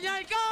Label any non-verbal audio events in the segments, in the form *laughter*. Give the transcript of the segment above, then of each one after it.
Señor, go!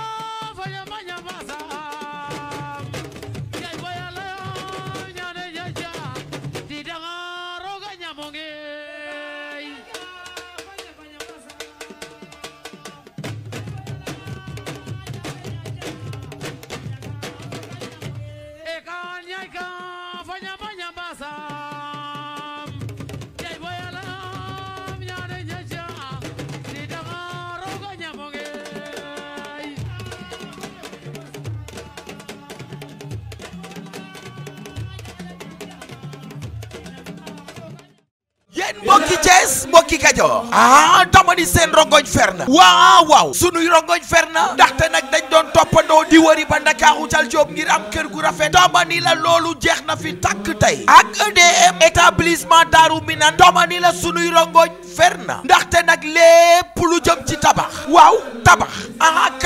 Kajoor ah dama di seen rongoñ fer na waaw waaw sunuy rongoñ fer na ndaxte nag dañ doon toppandoo di wëri ba Ndakaaru cal Jóob ngir am kër gu rafet dama la loolu jeex na fi tàkk tey ak EDM établissement Daaru Minan dama ni la sunuy rongoñ fer na ndaxte nag lépp lu jëm ci tabax waaw tabax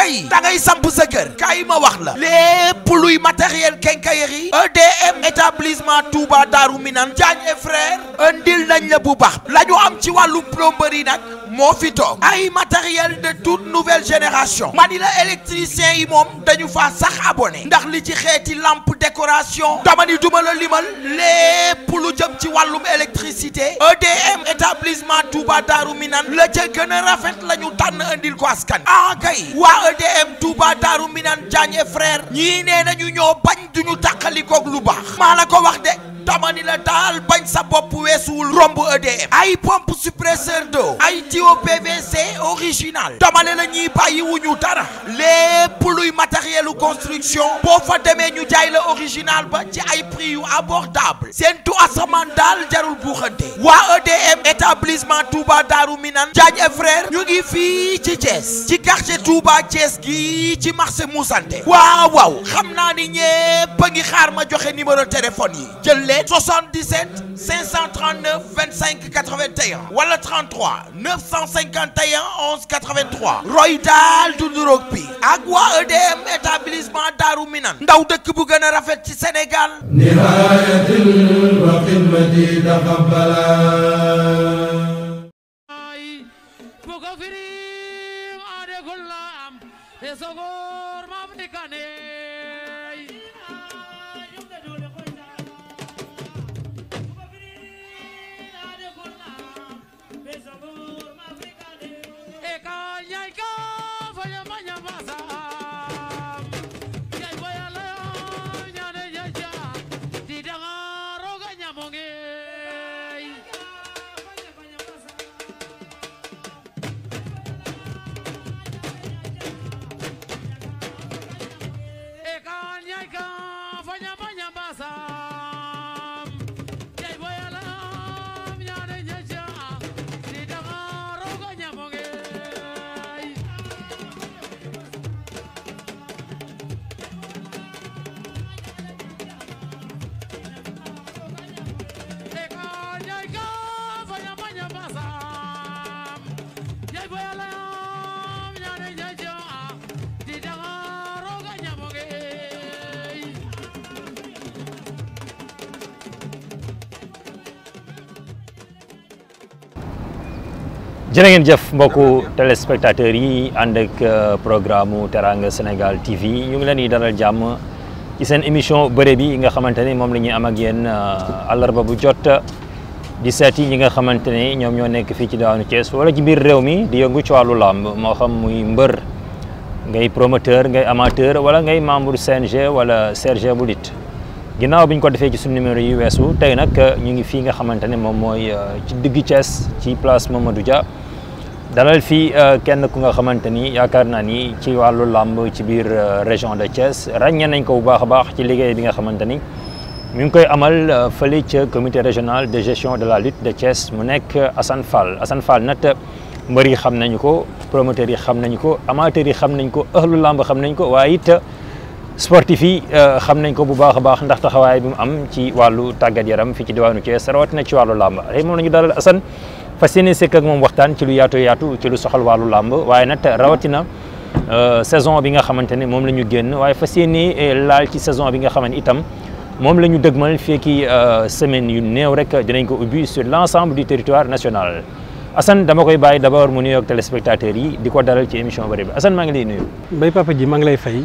kay da ngay samp sa keur kay ma wax la lepp luy matériel EDM e établissement Touba Darou Minane Diagne frère andil nañ la bu bax la am ci walu plomberie nak mo fi toog ay matériel de toute nouvelle génération manila électricien yi moom dañu fa sax abonné ndax li ci xéti lampe décoration dama ni duma la limal lepp lu jëm ci walu électricité EDM établissement Touba Darou Minane la ca gëna rafet la ñu andil ko askan ah EDM Touba Daaru minan frère ñi nañu ñoo bañ duñu ak lu baax ko wax de tamani la bañ sa EDM e ay pompe suppresseur d'eau PVC original la dara luy matériel construction bo fa ñu jaay la original ba ci ay prix yu abordable jarul EDM e établissement Touba Darou minan frère ñu ngi fi ci Thiès ci quartier bees gi ci marché Moussante waaw waaw ni xaar ma joxe numéro téléphone yi jël 77 539 25 81 wala 33 951 11 83 roy Dal du Agua bi ak wa EDM établissement Darou Minan ndaw dëkk bu gën rafet ci Sénégal jërë ngeen jëf mbokku téléspectateurs yi ànd ak euh, programme Teranga Sénégal TV ñu ngi leen di dalal jàmm ci seen émission bëre bi nga xamante ne moom la ñuy am ak yéen euh, àllarba bu jot di seeti ñi nga xamante ne ñoom ñoo nekk fii ci daanu Thiès wala ci biir réew mi di yëngu ci wàllu làmb moo xam muy mbër ngay promoteur ngay amateur wala ngay membre CNG wala CRG bu lutte ginnaaw bi ñu ko defee ci suñu numéro yi weesu tey nag euh, ñu ngi fii nga xamante ne moom mooy euh, ci digg Thiès ci place Mamadou ja dalal fii euh, kenn ku nga xamante ni yaakaar naa ni ci wàllu làmb ci biir région de Thiès ràññee nañ ko bu baax a baax ci liggéey bi nga xamante ni ñu ngi koy amal fële ca comité régional de gestion de la lutte de Thiès mu nekk asan Fall Assane Fall nag mbër yi xam nañu ko promoteurs yi xam nañu ko amateurs yi xam nañ ko ëhlu làmb xam nañ ko waaye sportif yi euh, xam nañ ko bu baax a baax ndax taxawaay bi mu am ci wàllu tàggat yaram fii ci diwaanu Thiès rawatina ci wàllu làmb tey moom la ñu dalal Assane fas yéene sekk ak moom waxtaan ci lu yaatu yaatu ci lu soxal wàllu làmb waaye na rawatina euh, saison bi nga xamante ne moom la ñu génn waaye fas yéene euh, laal ci saison bi nga xamante itam moom la ñu dëgmal fekki semaine yu néew rek dinañ ko ubbi sur l' ensemble du territoire national Assane dama koy bàyyi d' abord mu nuyoog téléspectateurs yi di ko dalal ci émission Bari maa ngi lay nuyu. Mbaye Papa ji ngi lay fay.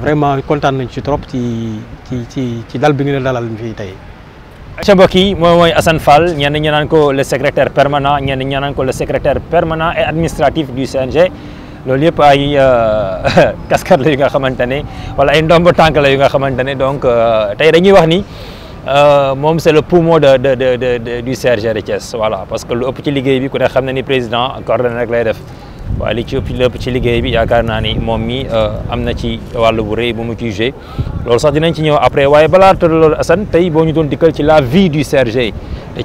vraiment kontaan nañ ci trop ci ci ci ci dal bi nga dalal fii tey. sa mbokk yi moy moy Assane Fall ñen ñi naan ko le secrétaire permanent ñen ñi naan ko le secrétaire permanent et administratif du CNG. loolu yëpp ay euh, *laughs* casquette la yu nga xamante wala ay ndomb tank la yi nga xamante donc euh, tay dañuy wax ni euh mom c'est le poumon de de de de du Serge de voilà parce que lu upp ci liguey bi ku ne xamna ni président coordonné rek lay def waaye li ci ëpp lépp ci liggéey bi ya naa ni moom mi euh, am na ci wàll bu rëy bu mu ciy joué loolu sax dinañ ci ñëw après waaye balaa tëdd Assane tey boo ñu doon ci la vie du CRG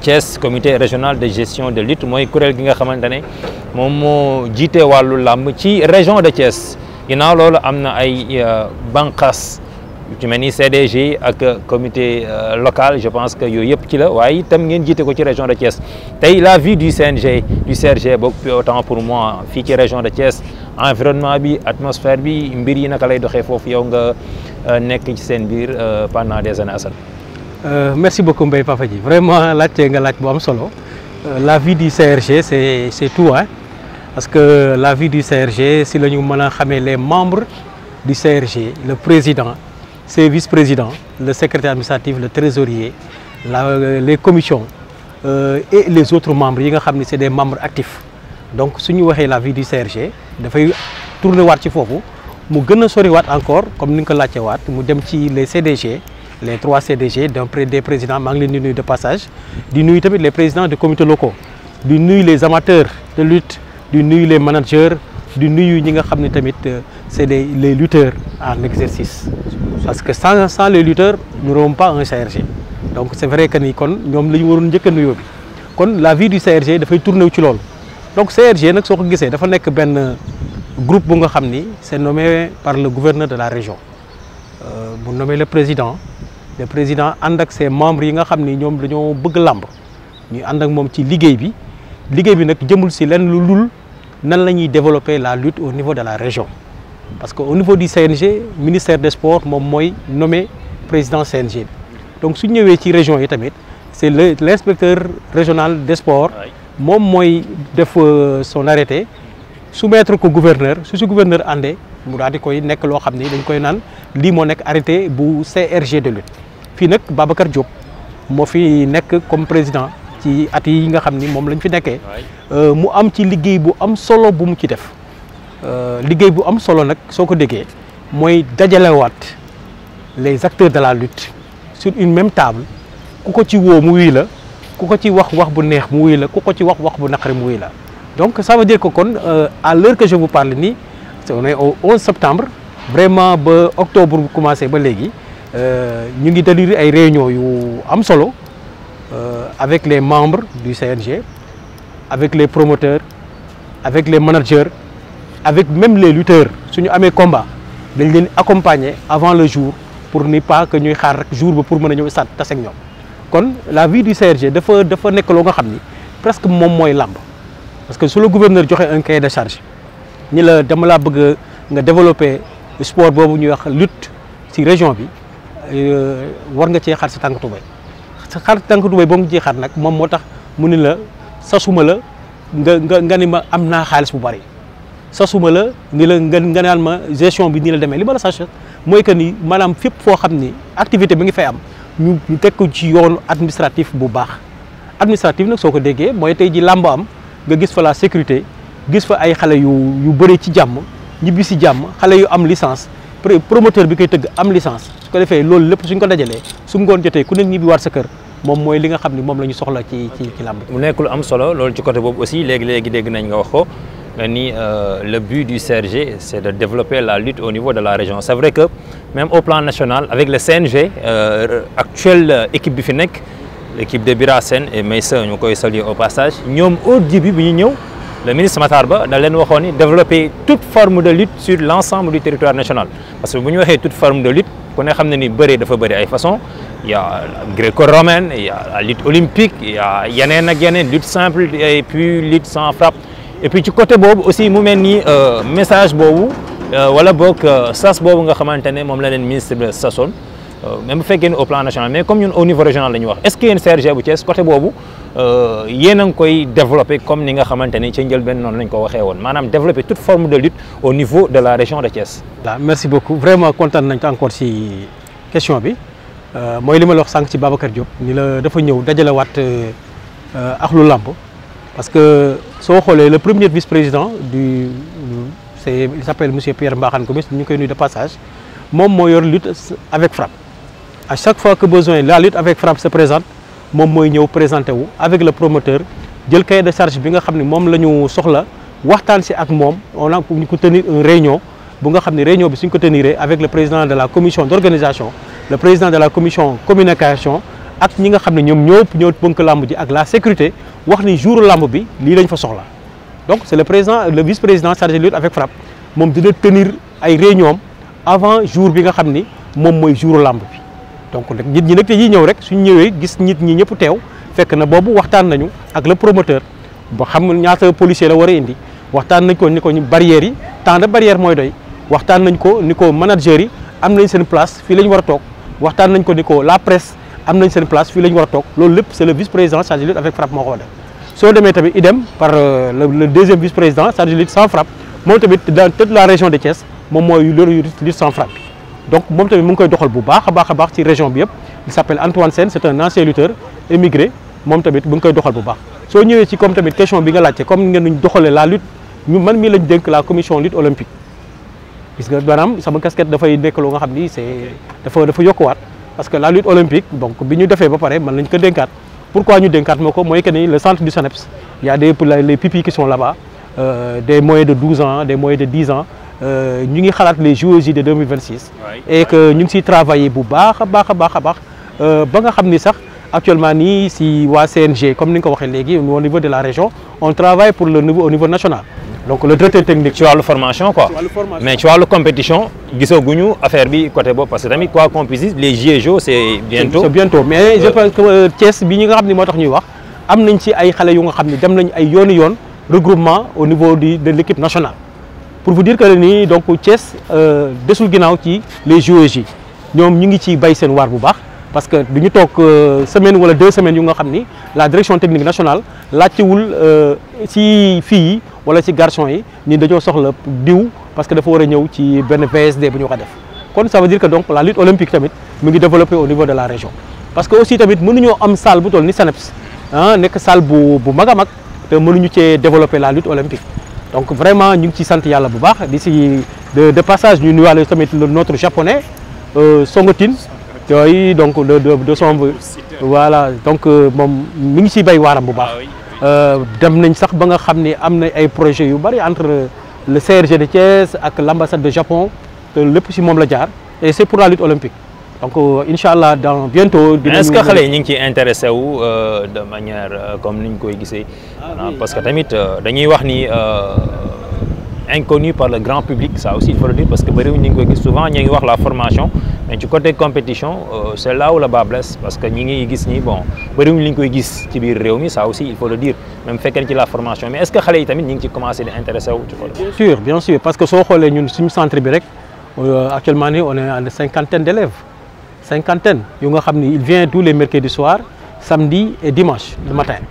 Thiès comité régional de gestion de lutte mooy kuréel gi nga xamante ne moom moo jiite wàllu làmb ci région de Thiès ginnaaw loolu amna ay euh, bankas je ci mel CDG le comité euh, local je pense que c'est yëpp ci la waaye itam ngeen jiite ko ci région de Thiès la vie du CNG du CRG Pour autant pour moi fii ci région de Thiès environnement bi atmosphère bi mbir na naka de doxee foofu yow nga euh, ci euh, pendant des années merci beaucoup Mbaye Papa vraiment laajte nga laaj bu am solo la vie du CRG c'est c'est tout hein. parce que la vie du CRG si nous ñu les membres du CRG le président ses vice-présidents, le secrétaire administratif, le trésorier, la, euh, les commissions euh, et les autres membres, c'est des membres actifs. Donc, si nous avons la vie du CRG, il faut tourner vers le fofu, nous faut encore, comme nous l'avons dit, les CDG, les trois CDG, des présidents, de passage, du les présidents de comités locaux, du les amateurs de lutte, nous les managers, di nuyu ñi nga xam tamit euh, c'est des les lutteurs en exercice parce que sans sans les lutteurs nous n'aurons pas un CRG donc c'est vrai que ni kon ñom la ñu waroon njëkk a bi kon la vie du CRG fay tourner ci lool donc CRG nak soko gissé da fa nek ben groupe bu nga xamni c'est nommé par le gouverneur de la région bu euh, nommé le président le président ànd ak ses membres yi nga xamni ñom ñoom dañoo bëgg lamb ñu ànd ak moom ci liguey bi liguey bi nak jëmul si lenn lu lul nous avons développer la lutte au niveau de la région parce qu'au niveau du CNG le ministère des sports a nommé nommé président CNG donc si avons ci région c'est l'inspecteur régional des sports qui a def euh, son arrêté soumettre au gouverneur sous gouverneur andé, mu a di koy arrêté CRG de lutte fii nag Babacar Diop fi comme président ci at yi nga xamni mom lañ fi euh mu am ci liggéey bu am solo bu mu ci def euh liggéey bu am solo nak soko ko moy dajalé wat les acteurs de la lutte sur une même table kuko ci wo mu wuy la kuko ci wax wax bu neex mu wuy la kuko ci wax wax bu nakari mu wuy la donc ça veut dire que kon euh, à l'heure que je vous parle nii on est au 11 septembre vraiment ba octobre bu commencé ba légui euh ñu ngi tenir ay réunion yu am solo avec les membres du CNG, avec les promoteurs, avec les managers, avec même les lutteurs. Si nous avons des combats, nous les accompagner avant le jour pour ne pas que nous ayons le jour pour nous nous la vie du CRG, c'est presque nek presque mom moy parce que si le gouverneur a un cahier de charge ni la dama la sport bobu la lutte lutte la région il euh, war nga ci xar tànk tubéy ba mu jeexaat nag moom moo tax mu ni la sasuma la nga nga ni ma am naa xaalis bu bari sasuma la ni la nga nga naan ma gestion bi ni la demee li ma la sas mooy que ni maanaam fépp foo xam ni activité bi ngi fay am ñu teg ko ci yoonu administratif bu baax administratif nag soo ko déggee mooy tey ji làmb am nga gis fa la sécurité gis fa ay xale yu yu bëri ci jàmm ñibbi si jàmm xale yu am licence promoteur bi koy tëgg am licence su ko defee loolu lépp suñ ko dajalee su ngoon jotee ku nekk ñibbi waat sa kër mom moy li nga xamni mom lañu soxla ci ci ci làmb mu nekk lu am solo loolu ci côté bobu aussi légui légui dégg nañ nga waxo ni euh, le but du CRG c'est de développer la lutte au niveau de la région c'est vrai que même au plan national avec le CNG euh, actuelle équipe bi fi nekk l'équipe de Bira et Meissa ñu koy saluer au passage ñom au début bi ñu ñew le ministre Matarba a développé développer toute forme de lutte sur l'ensemble du territoire national parce que nous avons toute forme de lutte on sait qu'il y ni beaucoup dafa choses. façon il y a gréco-romaine il y a la lutte olympique il y a une lutte simple et puis lutte sans frappe et puis du côté Bob aussi mu mel un euh, message Bob. Euh, wala boog euh, sas Bob nga xamante ne la le ministre bi même au plan national mais comme au niveau régional est-ce qu'il est ce une y CRG à côté Bob euh, yéen a koy développé comme ni nga xamante ni ci ben non lañ ko waxé won manam développer toute forme de lutte au niveau de la région de Thiès. merci beaucoup vraiment content nañ encore ci question bi euh moy lima la wax sank ci Babacar Diop ni la dafa ñëw wat euh akhlu lamp parce que so xolé le premier vice-président du c'est il s'appelle monsieur Pierre Mbakhane Gomis ñu koy nuy de passage mom mo yor lutte avec frappe à chaque fois que besoin la lutte avec frappe se présente moom mooy ñëw présenté wu avec le promoteur le cahier de charge bi nga xam ne moom la ñu soxla waxtaan si ak on a ñu ko tenir une réunion bu nga xam réunion bi suñ ko avec le président de la commission d'organisation le président de la commission communication ak ñi nga xam ne ñoom ñëpp ñoo ak la sécurité wax ni jour làmb bi lii lañ fa soxla donc c'est le président le vice président chargé de lutte avec frappe moom dina tenir ay réunion avant jour bi nga xam jour làmb bi donc nit ñi nag te yi ñëw rek suñ ñëwee gis nit ñi ñëpp teew fekk na boobu waxtaan nañu ak le promoteur ba xam ñaata policier la war a indi waxtaan nañ ko ni ko barrières yi temps de barrière mooy doy waxtaan nañ ko ni ko manager yi am nañ seen place fii la ñu war a toog waxtaan nañ ko ni ko la presse am nañ seen place fii la war a toog loolu lépp c'est le vice président chargé de lutte avec frappe moo ko war a def soo demee tamit idem par euh, le deuxième vice président chargé donc mon tamit mon ngi koy doxal bu baax a baax ci région bi il s'appelle Antoine Sen c'est un ancien lutteur émigré moom tamit mu ngi koy doxal bu baax soo ñëwee ci comme tamit question bi nga laajte comme nous nuñ la lutte ñu man mii lañ dénk la commission lutte olympique gis nga maanaam sama casquette dafay nekk loo nga xam ni c'est dafa dafa yokkuwaat parce que la lutte olympique donc bi ñu defee ba pare man lañ ko dénkaat pourquoi ñu dénkaat ma ko mooy que ni le centre du SONEPS il y a des les pipis qui sont là-bas euh, des moyens de 12 ans des moyens de 10 ans euh, ñu ngi xalaat les JOJ de 2026. et que ñu ngi siy travailler bu baax a baax euh, actuellement nous si waa CNG comme nous avons ko au niveau de la région on travaille pour le niveau au niveau national. donc le traité technique tu as la formation quoi mais tu as la compétition gisaguñu affaire bi côté boobu parce que quoi qu'on puisse les JOJ c'est bientôt. C'est bientôt mais euh, je pense que Thiès bi ñi nga xam ne ñuy wax am nañ ci ay regroupement au niveau du de l'équipe nationale pour vous dire que nii donc Thiès euh, desul ginnaaw ci les JOJ ñoom ñu ngi ci bay seen waar bu baax parce que du ñu toog euh, semaine wala deux semaines yu nga xam la direction technique nationale laajtewul euh, ci filles yi wala ci garçon yi ni dañu soxla diw parce que dafa wara a ñëw ci ben VSD bu ñu ko def kon ça veut dire que donc la lutte olympique tamit mu ngi développer au niveau de la région parce que aussi tamit ñu am salle bu toll ni SNEPS hein ah, nek salle bu bu mag a mënu ñu ci développer la lutte olympique donc vraiment ñu ngi ci sant yàlla bu baax di si de passage ñu nuyuwaale notre japonais euh, Songotin yooyu donc de de son voilà donc euh, moom mi ngi siy béy waaram bu baax ah euh, dem nañ sax ba nga xam ne ay projets yu entre le CRG de Thiès ak l'ambassade de Japon le plus si moom la jaar et c'est pour la lutte olympique donc euh, dans bientôt. est-ce que les gens ñu intéressé euh, de manière euh, comme nous koy ah parce que tamit dañuy wax ni inconnu par le grand public ça aussi il faut le dire parce que souvent nous avons la formation mais du côté compétition c'est là où la bas blesse parce que nous ngi vu, bon bëriwul li ñu koy ça aussi il faut le dire même ci la formation mais est-ce que les yi tamit commencé à intéressé bien sûr bien sûr parce que si on ñun le centre bi actuellement on est à une cinquantaine d'élèves cinquantaine il vient tous les mercredis soir samedi et dimanche le matin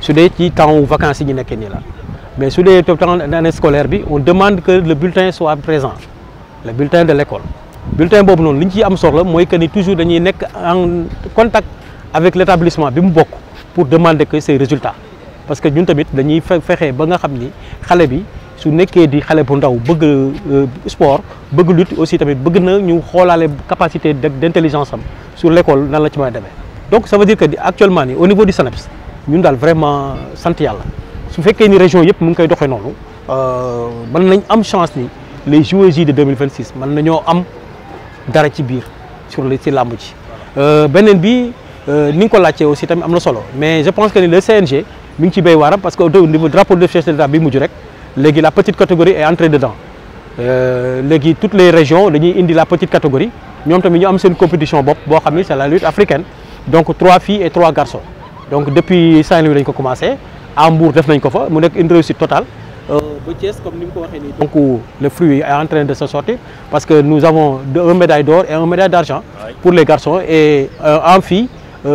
su dee ci temps vacances mais su sont temps année scolaire on demande que le bulletin soit présent le bulletin de l'école bulletin boobu Non, li ñu am que toujours en contact avec l'établissement bi pour demander que ces résultats parce que nous avons fait fexe ba nga su nekké di xalé bu ndaw bëgg euh, sport bëgg lutte aussi tamit bëgg na ñu xolalé capacité d'intelligence am sur l'école nan la ci may a donc ça veut dire que actuellement ni au niveau du SNEIPS ñun dal vraiment sante yalla su fekkee ni région yépp mu ngi koy nonu euh mën nañ am chance ni les JOJ de 2026 mën nañoo am dara ci biir sur les ci ci euh benen bi euh, ni ko laajtee aussi tamit am na solo mais je pense que ni le CNG mi ngi ci bay waram parce que au niveau drapeau de chef de l'État bi mujj rek la petite catégorie est entrée dedans euh, toutes les régions dañuy la petite catégorie Nous avons une compétition qui c'est la lutte africaine donc trois filles et trois garçons donc depuis Saint-Louis dañ commencé Ambour Mbour def une réussite totale. Euh, donc le fruit est en train de se sortir parce que nous avons une médaille d'or et un médaille d'argent pour les garçons et euh, en fille ñu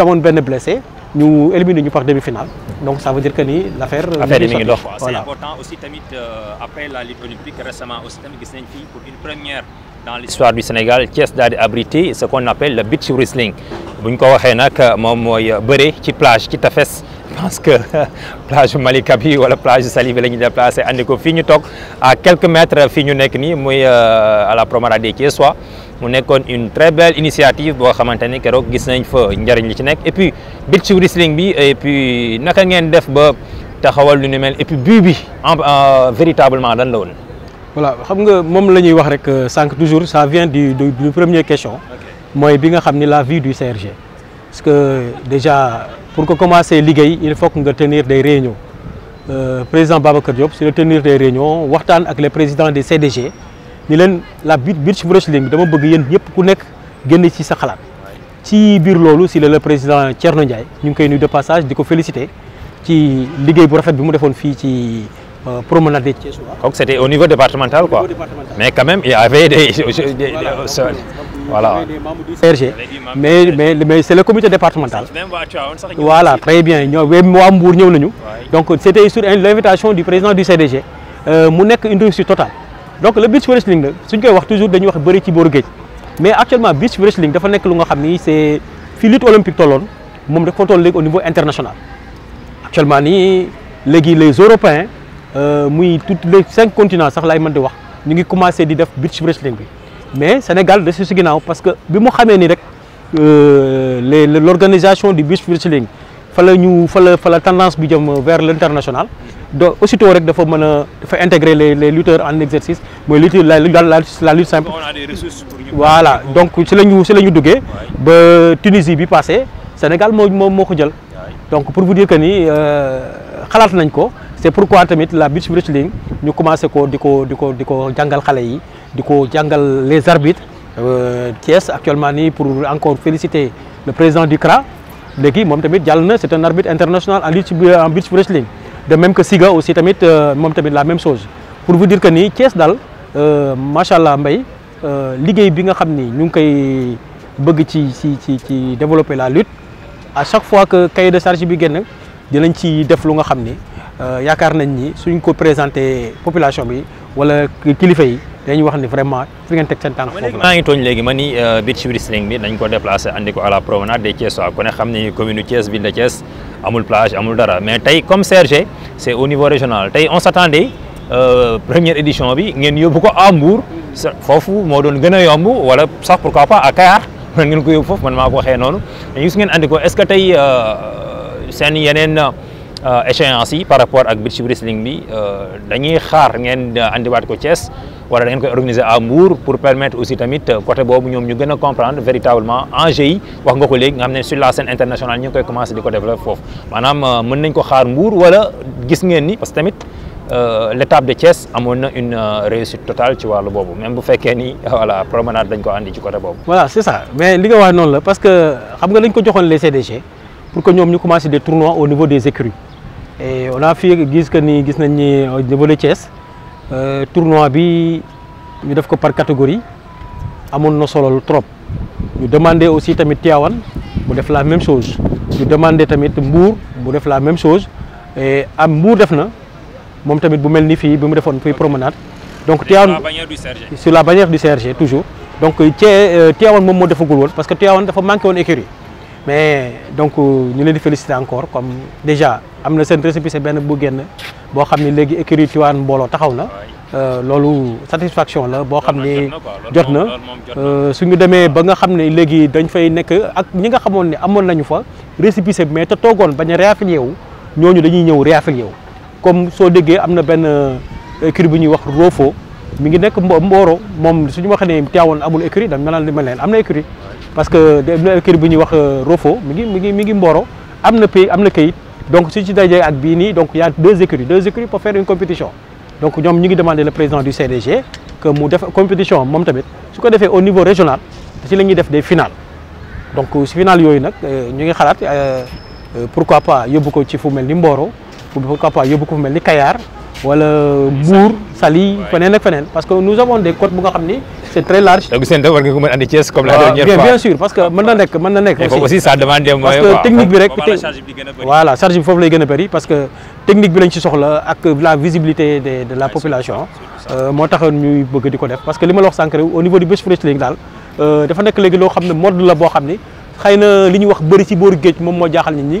amoon est blessé. Nous éliminons par demi-finale donc ça veut dire que l'affaire euh, est L'affaire c'est important aussi tamit euh, après la Ligue olympique récemment aussi tamit gis nañ pour une première. dans l'histoire du Sénégal qui est abrité ce qu'on appelle le beach wrestling bu ko waxee nag moom ci plage ci je pense que *laughs* plage Malika bi la plage Saly bi la plage, déplacé andi ko fii ñu à quelques mètres fii ñu euh, à la promenade des soit mu nekkoon une très belle initiative bo xamante ni gis nañ fa njëriñ li ci nekk et puis beach wrestling bi et puis naka ngeen def ba taxawal lu ni mel et puis bu bi en véritablement dan la woon. voilà xam nga mom lañuy wax rek euh, sank toujours ça vient du du première question. moy bi nga xamni la vie du CRG. parce que déjà pour que commencer liggéey il faut que nga tenir des réunions euh, président Babacar Diop sur le tenir des réunions waxtan ak les présidents des CDG ni leen la biir biir ci bi dama bëgg yéen ñëpp ku nekk génn ci sa xalaat ci biir loolu si le président Thierno Ndiaye ñu ngi koy de passage di féliciter ci liggéey bu rafet bi mu defoon fii ci euh, promenade des donc c'était au niveau départemental quoi mais quand même il y avait des voilà. CRG mais mais mais c'est le comité départemental. voilà très bien ñoo waa Mbour ñëw nañu. donc c'était sur l'invitation du président du CDG euh, mu nekk une réussite totale donc le beach wrestling c'est suñ koy wax toujours de wax bëri ci booru mais actuellement le beach wrestling dafa nekk lu nga xam ni c' est lutte olympique tolloon moom au niveau international actuellement les européens euh, muy tout les 5 continents sax lay mën di wax ñu ngi commencé di def beach wrestling Mais mais Sénégal de si si ginnaaw parce que bi mu xamee ni rek euh, les du beach wrestling fa la fa la tendance bi vers l'international aussi aussitôt rek dafa dafa intégrer les les lutteurs en exercice moy lutte la la lutte simple. on a des ressources pour voilà donc c'est le ci lañu ba Tunisie bi passé Sénégal moo moko donc pour vous dire que ni euh, xalat nañ ko c'est pourquoi tamit la beach wrestling ñu commencé ko diko diko diko jangal xalé yi diko jangal les arbitres. Euh, Thiès actuellement ni pour encore féliciter le président du CRA qui mom tamit jàll na un arbitre international en lutte en beach wrestling de même que Siga aussi tamit euh, moom tamit la même chose pour vous dire que nii Thiès daal euh, macha allah mbay euh, liguey bi nga xamni ni ñu ngi bëgg ci ci ci développer la lutte à chaque fois que cahier de charge bi génn dinañ ci def lu nga xamni euh yaakaar nañ ni suñ ko présenter population bi wala kilifa yi dañuy wax ni vraiment fi ngeen tek sen tànk foofu maa ngi togn légui man ni beach wrestling bi dañ ko déplacer andi ko à la promenade des Thiessois ku ne xam ni commune Thiès ville de Thiès. amul plage amul dara mais tey comme CRG c' est au niveau régional tey on s' attendait euh, première édition bi ngeen yóbbu ko à foofu moo doon gën a yomb wala sax pourquoi pas à Kayar *laughs* ngeen ko yóbbu foofu man maa ko waxee noonu mais gis ngeen andi ko est ce que tey euh, seen yeneen euh, échéance yi par rapport ak beach wrestling bi dañuy xaar ngeen andiwaat ko Thiès. wala da ngeen koy organiser à Mbour pour permettre aussi tamit euh, côté bobu ñom ñu gëna comprendre véritablement enjeu yi wax nga ko légui nga xam sur la scène internationale ñu koy commencer diko développer foofu manam euh, mën nañ ko xaar Mbour wala gis ngeen ni parce que tamit euh, l'étape de Thiès amoon une réussite totale ci wàllu boobu même bu fekkee ni *laughs* voilà promenade dañ ko andi ci côté boobu. voilà c'est ça mais li nga wax non la parce que xam nga dañ ko joxone les CDG pour que ñom ñu commencer des tournois au niveau des écuries et on a fi gis que ni gis nañ ni au niveau de Thiès. Euh, tournoi bi ñu def ko par catégorie amoon na solo trop ñu demandé aussi tamit tiawan mu def la même chose ñu demandé tamit Mbour mu def la même chose et am ah, Mbour def na mom tamit bu melni fi bu mu defone fii promenade. donc tiawan sur la bannière du Serge toujours donc euh, Tivaouane mom mo defagul won parce que tiawan dafa manquer won écurie mais donc euh, ñu leen féliciter encore comme déjà am na seen récépissé benn bu génn bo xamni légui léegi écurie Tivaouane mbooloo taxaw na euh, loolu satisfaction la bo xamni jotna euh suñu démé ba nga xamni légui dañ fay nek ak ñi nga xamone ne amoon nañu fa récépissé mais te togon bañ a wu ñoñu dañuy ñew réaffilié wu comme so déggee amna na benn euh, écurie bu ñuy wax rofo mi ngi nek Mboro mom suñu waxee ne Tivaouane amul écurie dañ ma naan li ma leen écurie parce que kër bu ñuy wax euh, Rofo mi ngi mi ngi mi ngi Mboro amna pays amna kayit donc si ci dajee ak bi ni donc y a deux écuries deux écuries pour faire une compétition donc ñom ñu ngi demander le président du CDG que mu def compétition mom tamit su ko au niveau régional ci lañuy def des finales donc ci finale yoy nak euh, ñu ngi xalat euh, pourquoi pas yobuko ci fu melni ni Mboro pourquoi pas yóbbu ko fu melni Kayar wala bour Saly fenen ak feneen parce que nous avons des côtes bu nga xam ni c' est très large. donc seen war nga ko mën andi Thiès comme la dernière fois bien sûr parce que mën na nek mën na nekk. aussi aussi ça demande des moyens parce que technique bi rek. voilà charge bi foofu lay gëna a parce que technique bi lañ ci soxla ak la visibilité de de la population. Euh, moo taxoon ñuy bëgg diko def parce que lima la wax sànq au niveau du bus dal euh dafa nekk léegi loo xam ne mode la bo xamni xeyna xëy wax bari ci booru géej mom mo jaaxal nit ñi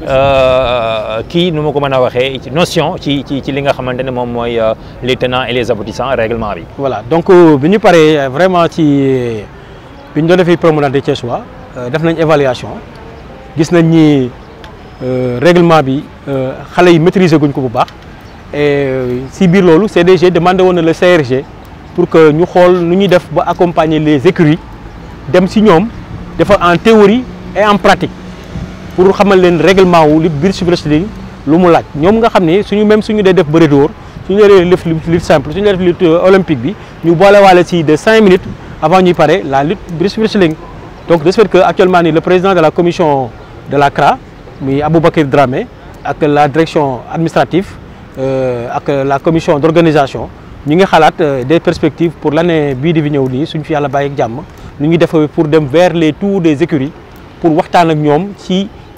Euh, kii nu ma ko mën a waxee ci notion ci ci ci li nga xamante ne moom mooy euh, les et les aboutissants règlement bi. voilà donc venu ñu paree euh, vraiment ci bi ñu doon defee promenade de Thiessois def nañ évaluation gis nañ ni règlement bi xale yi maîtriser guñ ko bu baax et si biir loolu CDG demandé woon na le CRG pour que ñu xool nu ñuy def ba accompagner les écuries dem si ñoom dafa en théorie et en pratique pour xamal leen règlement wu li biir souplesse li lu mu laaj ñom nga xam suñu même suñu dee def bëri dóor suñu dee def li simple suñu dee def lutte olympique bi ñu boolewaale si de cinq minutes avant ñuy pare la lutte biir souplesse donc de ce fait que actuellement ni le président de la commission de la CRA muy aboubakr Dramé ak la direction administrative euh, ak la commission d'organisation organisation ñu ngi xalaat euh, des perspectives pour l'année bi di ñew ñëw suñu fi yalla baye ak jamm ñu ngi def pour dem vers les tours des écuries pour waxtaan ak ñom ci.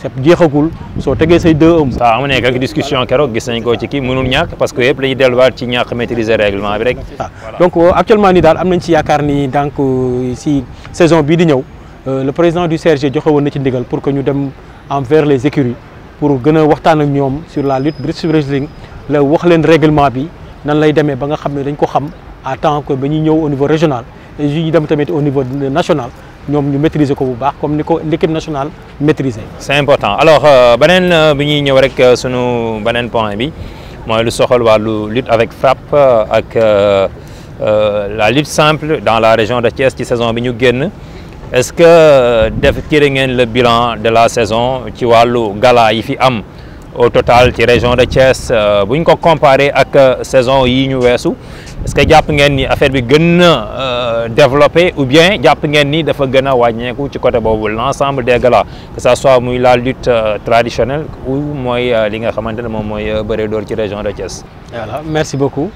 c'est jeexagul soo tegee say deux hommes. ça amu nekk rek discussion keroog gis nañ ko ci kii mënul ñàkk parce que yëpp la ñuy delluwaat ci ñàkk maîtriser règlement bi rek. Ah, donc euh, actuellement ni daal am nañ ci yaakaar ni donc euh, si saison bii di ñëw euh, le président du CRG joxe woon na ci ndigal pour que ñu dem envers les écuries pour gën a waxtaan ak ñoom sur la lutte sur wrestling le wax leen règlement bi nan lay demee ba nga xam ne dañ ko xam à temps que ba ñuy ñëw au niveau régional et ñu dem tamit au niveau national nous ñu maîtriser comme l'équipe nationale maîtriser. c'est important alors euh, beneen euh, bi ñuy ñëw rek euh, sunu beneen point bi mooy lu soxal wàllu lutte avec frappe ak la lutte simple dans la région de Thiès ci saison bi ñu est-ce que def le bilan de la saison ci wàllu gala yi fi am au total ci région de Thiès Vous ñu ko comparé ak saison yi ñu est-ce que jàpp ngeen ni affaire bi gëna na euh, développé ou bien japp ngeen ni dafa gëna wañéku ci côté bobu l'ensemble des galas que ça soit muy la lutte euh, traditionnelle ou moy euh, li nga xamante mom moy mooy dor ci région de Thiès. voilà merci beaucoup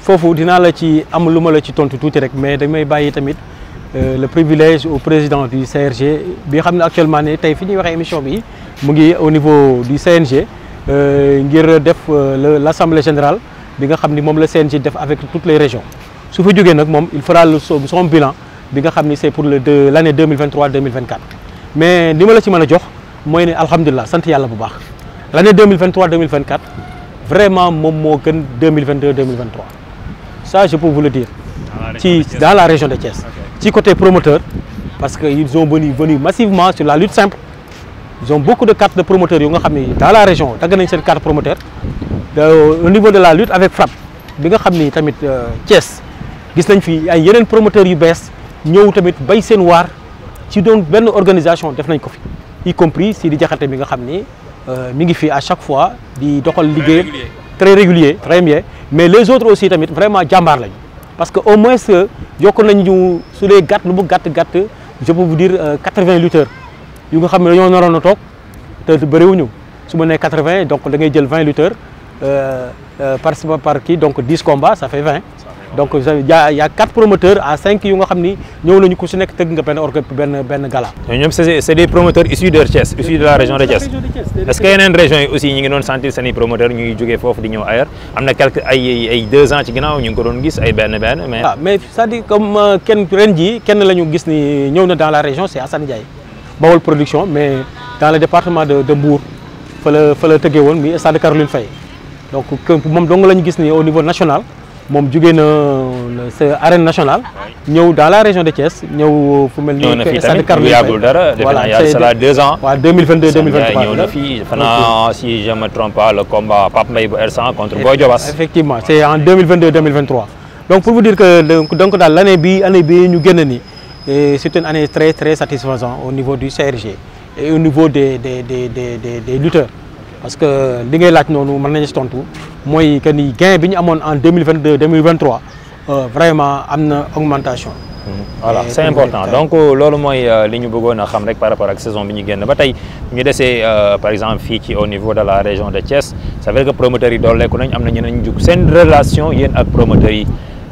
Fofu, dina la ci am luma la ci tontu touti rek mais damay bayyi tamit le privilège au président du CRG bi xam actuellement ne tey fi ñuy émission bi mu ngi au niveau du CNG ngir def l'assemblée générale bi nga xamni mom avec toutes les régions su fa il fera son bilan pour l'année 2023 2024 mais la ci jox moy bu baax l'année 2023 2024 vraiment mom mo gën 2022 2023 ça je peux vous le dire dans la région de Thiès ci côté promoteur parce qu'ils ont venu massivement sur la lutte simple ils ont beaucoup de cartes de promoteurs dans la région. Ils ont une carte promoteur. Au niveau de la lutte avec Frap, bi nga une ni tamit euh, Thiès gis nañ fi ay promoteurs yu bees ñëw tamit bay seen waar ci doon benn organisation def nañ ko fi y compris si di jaxate bi nga xam euh, mi à chaque fois di doxal régulier..! très régulier très bien mais les autres aussi tamit vraiment jambar lañ. parce que au moins ceux.. nañ ñu su dee gàtt lu je peux vous dire 80 euh, lutteurs yu nga xamné ne dañoo naroon a toog te suma né 80 donc da ngay jël vingt lutteurs euh, euh, par par qui donc 10 combats ça fait 20 donc y' a y' a quatre promoteurs à cinq yu nga xamni ñew ñëw nañu ku si nekk teug nga ben orga ben ben gala. ñom c'est est des promoteurs issus de Thiès issus de la région de Thiès. est ce que yeneen régions yi aussi ñi ngi doon sentir seen i promoteurs ñuy jógee fofu di ñew ailleurs amna quelques ay ay 2 ans ci ginaaw ñu ko doon gis ay ben ben mais. waaw ah, mais ça dit comme euh, ken ren jii kenn la gis ni ñew na dans la région c'est est Diaye Bawol Production mais dans le département de de Mbour fa la fa la tëggee woon de stade Caroline Faye donc moom dong la ñu ni au niveau national moom jugee na arène nationale. ñëw dans la région de Thiès nous fu mel. ñëw na de tamit voilà c'est là deux ans. 2022 2023 si je me trompe pas le combat Pape Mbaye r contre Boy effectivement c'est en 2022 2023 donc pour vous dire que donc dans l'année bi année bi ñu génn ni c'est une année très, très satisfaisante au niveau du CRG et au niveau des, des, des, des, lutteurs. Parce que ce que nous avons tout, c'est que les gains que nous avons en 2022-2023, euh, vraiment, une augmentation. Hum, voilà c'est important donc ce que nous avons par rapport à la saison de ñu euh, par exemple au niveau de la région de Thiès c'est vrai que promoteurs yi une nañ relation avec ak promoteurs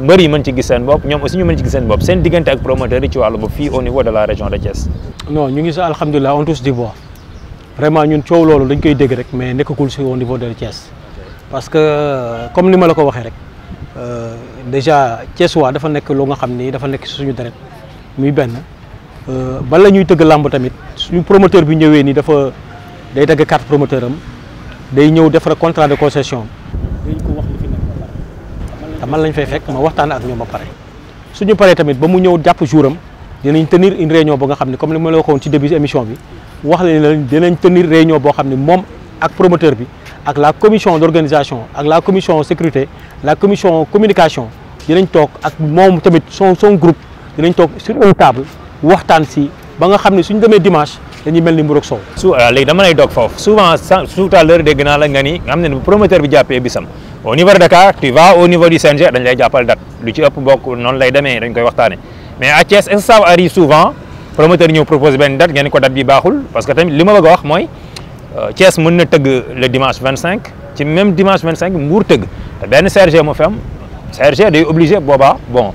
mbëri mën ci gis seen bopp ñoom aussi ñu mën ci gis seen bopp seen diggante ak promoteur yi ci wàllu boobu fii au niveau de la région de Thiès. non ñu ngi sa alhamdulilah on touche du bois vraiment ñun coow loolu dañ koy dégg rek mais nekkagul si au niveau de Thiès parce que comme ni ma la ko waxee rek euh, déjà Thiès waa dafa nekk lu nga xam dafa nekk suñu deret muy benn euh, bala ñuy tëgg làmb tamit suñu promoteur bi ñëwee ni dafa day tëgg carte promoteur day ñëw defar contrat de concession dañ ko wax man lañ fay fekk ma waxtaan ak ñoom ba pare suñu paree tamit ba mu ñëw jàpp jouram dinañ tenir une réunion ba nga xam ne comme li ma la waxoon ci début émission bi wax leen la dinañ tenir réunion boo xam ne moom ak promoteur bi ak la commission d'organisation ak la commission sécurité la commission communication dinañ toog ak moom tamit son son groupe dinañ toog sur une table waxtaan si ba nga xam ne suñ demee dimanche dañuy mel ni mbuur ak soow waaw ah, léegi dama lay doog foofu naa la nga ni nga xam ne promoteur bi jàppee bisam au niveau de Dakar tu vas au niveau du CNG dañ lay jàppal date lu ci ëpp bokk noonu lay demee dañ koy waxtaane mais à Thiès est arrive souvent promoteur ñëw proposé benn date ngeen ko date bi baaxul parce que tamit li ma bëgg a wax mooy euh, Thiès mën na tëgg le dimanche 25 ci même dimanche 25 Mbour tëgg benn CRG moo fi am CRG day obligé boobaa bon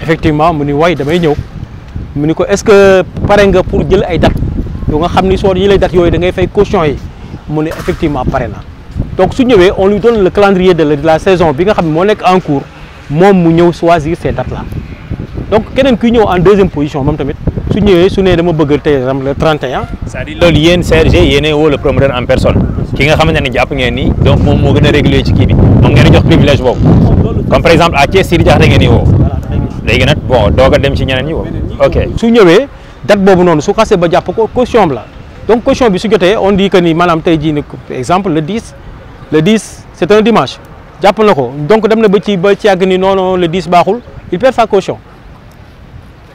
effectivement mu ni way damay ñew mu ni ko est-ce que pare nga pour jël ay date yoo nga xamni ni soo lay date yooyu da ngay fay caution yi mu ni effectivement pare na donc su ñëwee on lui donne le calendrier de la saison bi nga xamni mo nek en cours mom mu ñëw choisir ces dates là donc kenen ku ñëw en deuxième position mom tamit su ñëwee su né dama bëgg tey ram le 31. c'est-à-dire loolu yéen CRG yéenay woo le promoteur en personne ki nga xamné ni japp ngeen ni donc mom mo gëna régler ci ki bi moom ngeen a jox privilège bok comme par exemple à Thiès Sidi Diakhaté ngeen di woo léegi nag bon doog a dem ci ñeneen ñi wo ok su ñëwee date boobu noonu su xasee ba jàpp ko caution la donc caution bi su jotee on dit que ni maanaam tey jii ni exemple le 10 le 10 c'est un dimanche jàpp na ko donc dem na ba ci ba ci yàgg ni non non le 10 baaxul il perd sa caution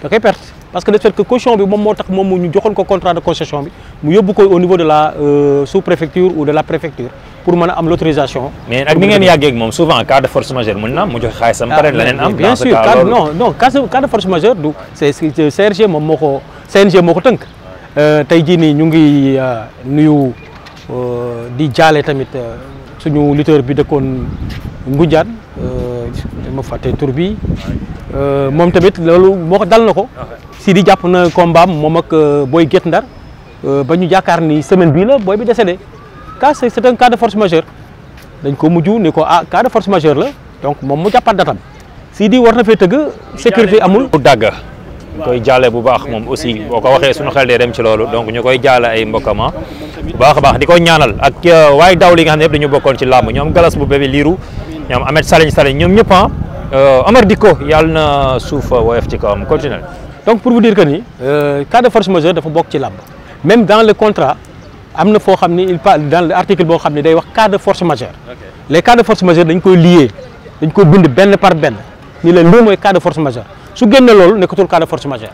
da koy perte parce que le fait que caution bi mom motax mom ñu joxoon ko contrat de concession bi mu yóbbu ko au niveau de la euh, sous-préfecture ou de la préfecture pour mën am l'autorisation mais ak ni ngeen yagge ak mom souvent cas de force majeure mën na jox joxe xaalisam pare ah, leneen am bien sûr non non cas de force majeure du c'est CRG mom moko CNG moko teunk euh tey jii ni ñu ngi euh, nuyu euh, di jaale tamit suñu lutteur bi dëkkoon Ngoundiane ma faté tur bi mom tamit lolu moko dal nako Sidi jàpp na combat moom ak euh, Boy Guet Ndar euh, ba ñu ni semaine bii la boy bi décédé cas c' un cas de force majeure dañ ko mujj ni ko ah cas de force majeure la donc moom mu jàppaat datam Sidi war na fee sécurité amul. dàgg ñu koy jaale bu baax moom aussi boo ko waxee suñu xel dee dem ci loolu donc ñu koy jaale ay mbokkama ah. bu baax baax di ñaanal ak euh, waaye daw li nga xam dañu bokkoon ci làmb ñoom galas bu bébé liiru ñoom Ahmed Saliñ Saliñ ñoom ñëpp ah Amar Dikko yàlla na suuf ci kawam continuel donc pour vous dire que le euh, cas de force majeure que bokk ci même dans le contrat il parle dans l'article il y a cas de force majeure les cas de force majeure sont liés, ils sont koy ben par ben. ni est le cas de force majeure Si vous pas le cas de force majeure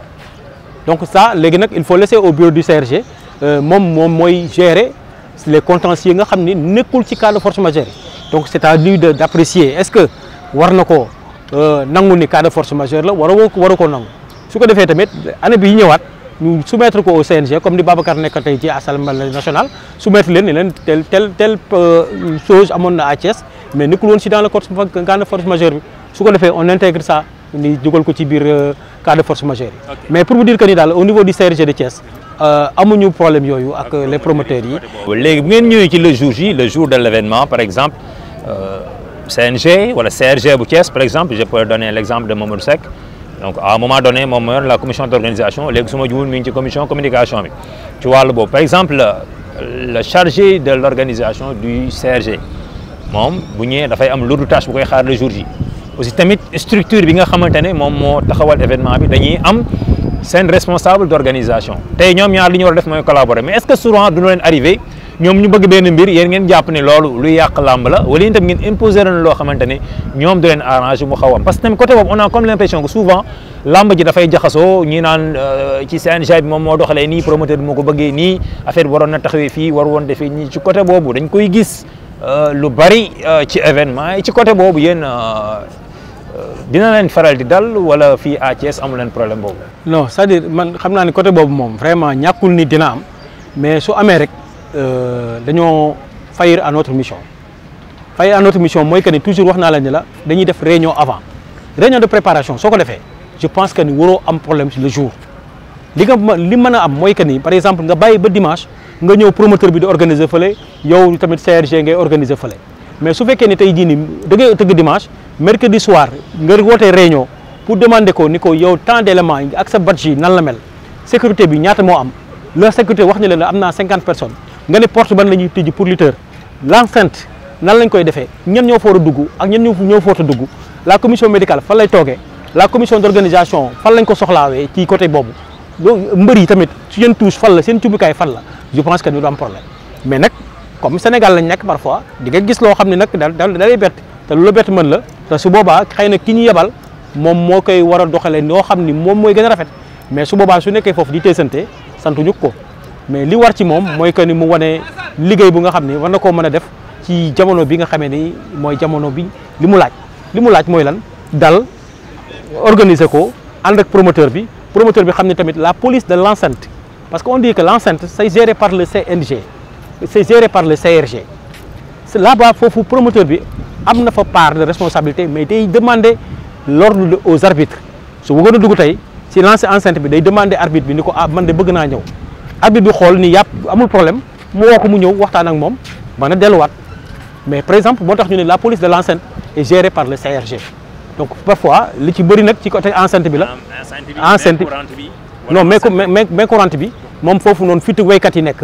donc ça il faut laisser au bureau du CRG euh, moi gérer les contentieux nga xam ni pas ci cas de force majeure donc c'est à lui d'apprécier est-ce que war na pas euh, cas de force majeure la su ko defee tamit année bi ñëwaat ñu soumettre au CNG comme ni Babacar nekk tey ci assemblée nationale soumettre nous ne tel tel euh, chose à na à Thiès mais nous sommes dans le corps de force majeure bi su ko fait, on intègre ça ni le ko ci biir euh, cas de force majeure mais pour vous dire que au niveau du CRG de Thiès euh, amuñu problème avec ak les promoteurs Les gens qui le jour J le jour de l'événement par exemple euh, CNG le CRG de Thiès par exemple je peux donner l'exemple de Mamadou donc à un moment donné moom moo la commission d'organisation, organisation léegi su mi ci commission communication bi ci wàllu boobu par exemple le chargé de l'organisation du CRG moom bu ñëwee dafay am lourd tâche bu koy xaar le jour ji aussi tamit structure bi nga xamante ne moom moo taxawal événement bi dañuy am seen responsable d'organisation. organisation tey une ñaar li ñu war def collaborer mais est ce que souvent du leen arrivé ñoom ñu bëgg benn mbir yen ngeen jàpp ne loolu lu yàq làmb la wala yéen tam ngeen imposer leen loo xamante ne ñoom du leen arrangé mu xaw am parce que tamit côté boobu on a comme l'impression dafay jaxasoo ñi naan euh, ci CNG bi moom moo doxalee nii promoteur bi moo ko bëggee nii affaire bi waroon na taxawee fii war woon defee nii ci côté boobu dañ koy gis euh, lu bari euh, ci événement yi ci côté boobu yéen dina leen faral di dal wala fii à Thiès amu leen problème boobu. non cest man xam naa ne côté boobu moom vraiment ñàkkul ni dina am mais su amee rek. Euh, dañoo faillir à notre mission faillir à notre mission moi que ni toujours wax naa la ni la dañuy def réunion avant réunion de préparation ce qu'on a fait, je pense que nous avons un problème le jour li nga li mën a am que par exemple nga bàyyi ba dimanche nga ñëw promoteur bi di organiser fële yow tamit CRG ngay organiser mais su vous ni tey ni dimanche mercredi soir nous avons nga une réunion pour demander ko ni ko yow tant d'éléments ak sa budget la sécurité bi ñaata moo am la sécurité wax ni la 50 personnes nga ne porte ban lañuy ñuy pour lutteur l'enceinte nan lañ koy defee ñen ñoo foor a dugg ak ñen ñoo ñoo foor a dugg la commission médicale fa lay toogee la commission d'organisation fa lañ ko soxlaawé ci côté bobu donc mbër yi tamit ci seen touche fa la seen cubukaay fa la je pense que ñu du am problème mais nak comme Sénégal lañ nekk parfois di nga gis lo xamni nak dal da lay bett te lu la bett mën la te su boobaa xeyna ki ñu yebal mom mo koy wara a doxalee xamni mom moy gëna rafet mais su boobaa su nekké fofu di teesante santuñu ko mais li war ci mom moy que ni mu woné ce bu nga war a def ci jamono bi nga xamné ni jamono bi laaj dal promoteur bi promoteur bi la police de l'enceinte parce qu'on dit que l'enceinte c'est géré par le CNG c'est géré par le CRG là-bas fofu promoteur bi amna fa part de responsabilité mais day l'ordre aux arbitres Si bëggoon dugg tay ci lancer enceinte bi day demander arbitre bi ah, de abidou bi ni yàpp amul problème mu woo mu ñew waxtaan ak mom mané a mais par exemple moo tax ñu ne la police de l' est gérée par le CRG donc parfois li ci bëri nak ci côté enceinte bi la. Ah, enceinte bi non mais mais mais bi moom foofu noonu fitu waykat yi nek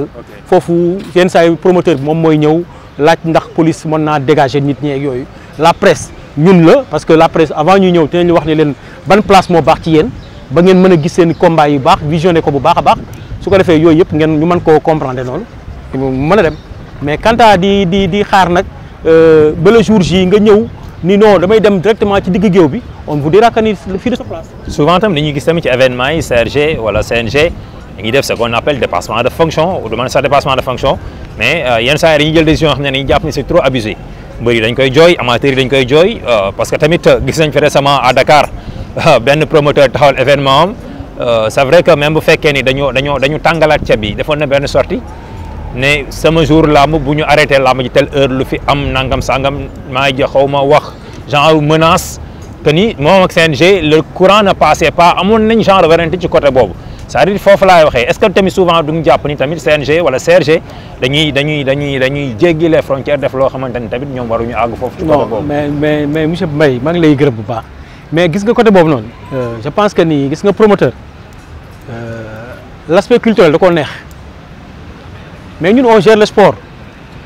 fofu yeen say promoteur mom moy ñew ñëw laaj ndax police mën na dégager nit ñi ak yooyu la presse ñun la parce que la presse avant ñu té ñu wax ni len ban place mo baax ci yéen ba ngeen mëna a gis seen combat yu bax visionné ko bu baaxa baax su ko defee yooyu yëpp ngeen ñu mën koo comprendre noonu mu mën a dem mais quant à di di di xaar nag euh, ba le jour J nga ñëw ni non damay dem directement ci digg géew bi on vous dira que ni fii de sa place. souvent tam dañuy gis tamit ci événement yi CRG wala CNG dañuy def ce qu'on appelle dépassement de fonction ou demande sax dépassement de fonction mais euh, yenn saa yi dañuy jël décision xam ne dañuy jàpp ni c'est trop abusé mbër yi dañ koy jooy amateurs yi dañ koy jooy euh, parce que tamit gis nañ fi récemment à Dakar benn promoteur taxawal événement am. Euh, c'est vrai que même bu fekkee ni dañoo dañoo dañu tangalat ci bi defoon na benn sortie ne sama jour làmb buñu ñu arrêté làmb ji telle heure lu fi am nangam sangam ma ngi xaw wax genre menace que ni mom ak CNG le courant ne passait pas amoon nañ genre variété ci côté bobu c'est-à-dire foofu laay waxee est-ce que tamit souvent du ñu jàpp ni tamit CNG wala CRG dañuy dañuy dañuy dañuy jéggi les frontières def lo xamante tamit ñom waruñu ag fofu ci côté bobu mais mais mais monsieur Mbaye maa ngi lay gërëm bu baax mais gis nga côté bobu non euh, je pense que ni gis nga promoteur. Euh, l'aspect culturel de Mais nous, on gère le sport.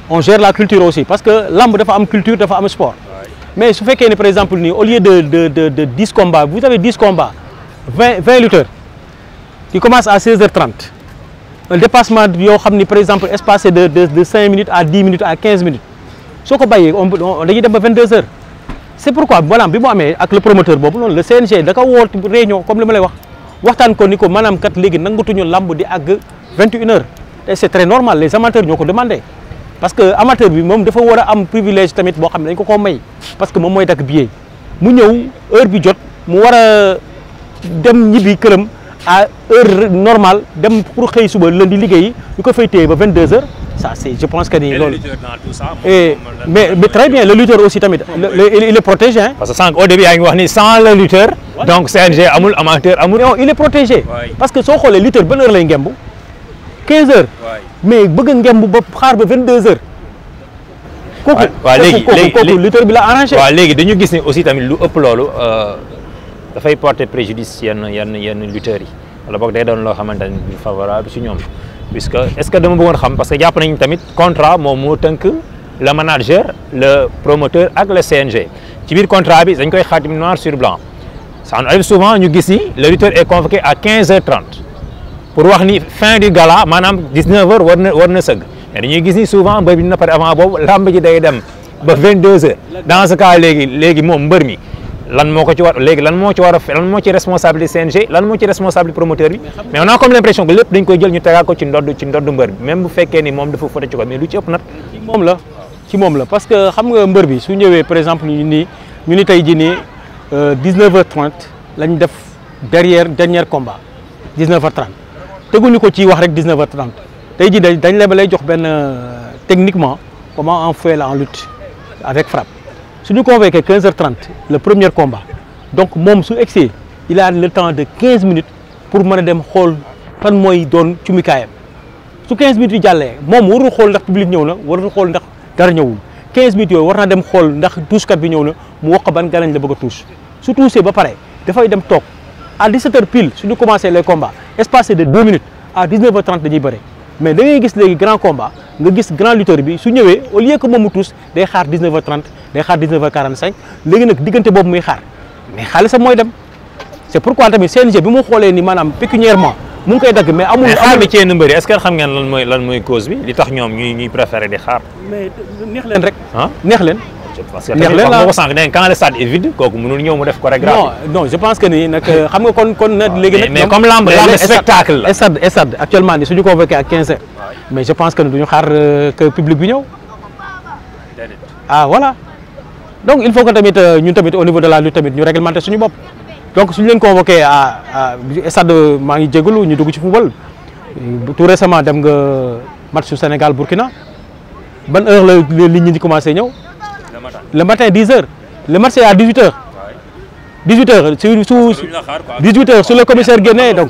On gère la culture aussi. Parce que l'âme de une culture, de un sport. Mais ce fait qu'il a, par exemple, au lieu de, 10 combats, vous avez 10 combats, 20, lutteurs, qui commencent à 16h30. Un dépassement, par exemple, espacé de, de, 5 minutes à 10 minutes à 15 minutes. ce qu'on on, on, 22h. C'est pourquoi, voilà, avec le promoteur, le CNG, il a comme je l'ai waxtaan ko ni ko maanaam kat léegi nangatuñu làmb di àgg 21 heures te c'est très normal les amateurs ñoo ko demandé parce que amateur bi moom dafa war a am privilège tamit boo xam ne dañ ko koo may parce que moom mooy dagg mu ñëw heure bi jot mu war a dem ñibbi këram à heure normale dem pour 22 heures ça c'est je pense que mais mais très bien le lutteur aussi il est protégé hein. parce que au début sans le lutteur. donc amateur il est protégé. parce que soo le lutteur est heure 15 heures. mais il est ba 22 heures. lutteur la arrangé da fay porter préjudice yenn yenn yenn lutteurs yi wala bok day don lo xamante du favorable ci ñom puisque est ce que dama bëggoon xam parce que japp nañu tamit contrat mo mo teunk le manager le promoteur ak le CNG ci biir contrat bi dañ koy xaatim noir sur blanc ça nous arrive souvent ñu gis ni le lutteur est convoqué à 15h30 pour wax ni fin du gala manam 19h war na war na sëgg mais dañuy gis ni souvent mbër bi na pare avant boobu lamb ji day dem ba 22h dans ce cas légui légui moom mbeur mi lan ci war lan ci war responsable CNG lan ci responsable promoteur mais on a comme l'impression que dañ koy ñu ko ci ci même bu féké ni ci ko mais lu ci ëpp la ci la parce que xam nga si bi su par exemple ñu ni ñu ni 19h30 euh, lañ def derrière dernier combat 19h30 teguñu ko ci wax rek 19h30 dañ la euh, techniquement comment on fait la en lutte avec frappe si nous à 15h30, le premier combat, donc mon excès, il a le temps de 15 minutes pour me dem xol tan moy don ci mikayam 15 minutes je mom waru xol ndax public ñew na waru le. 15 minutes yoy warna dem xol ndax touche kat bi ñew na mu wax ban la bëgg touche à 17h pile nous commençons les combats espacé de 2 minutes à 19h30 dañuy bëré mais da ngay gis léegi grand combat nga gis grand lutteur bi su ñëwé au lieu que momu tous day xaar 19h30 day xaar 19h45 léegi nak diggante bobu muy xaar mais xaalisam moy dem c'est pourquoi tamit CNG bi mu xoolee ni manam pécuniairement mu ngi koy dagg mais amul. amul xaar bi cee mbëri est ce que xam ngeen lan moy lan moy cause bi li tax ñom ñuy ñuy préférer di xaar. mais neex leen rek. neex leen. Hein? parce que quand le stade est vide kooku mënul ñëw faire chorégraphie. non non je pense que ni nak euh, xam nga kon kon nak ah, mais comme lamb lamb spectacle la. stade stade actuellement ni suñu convoqué à 15 mais je pense que duñu xar euh, que public bi ñëw. ah voilà donc il faut que tamit euh, ñun tamit au niveau de la lutte tamit ñu réglementer suñu bop donc suñu len convoqué à stade maa ngi jégalu ñu dugg ci football tout récemment dem nga match au Sénégal Burkina ban heure la nit ñi commencé ñëw le matin 10h. Le match est à 18h. 18h sur sous 18h sur le commissaire Guéné donc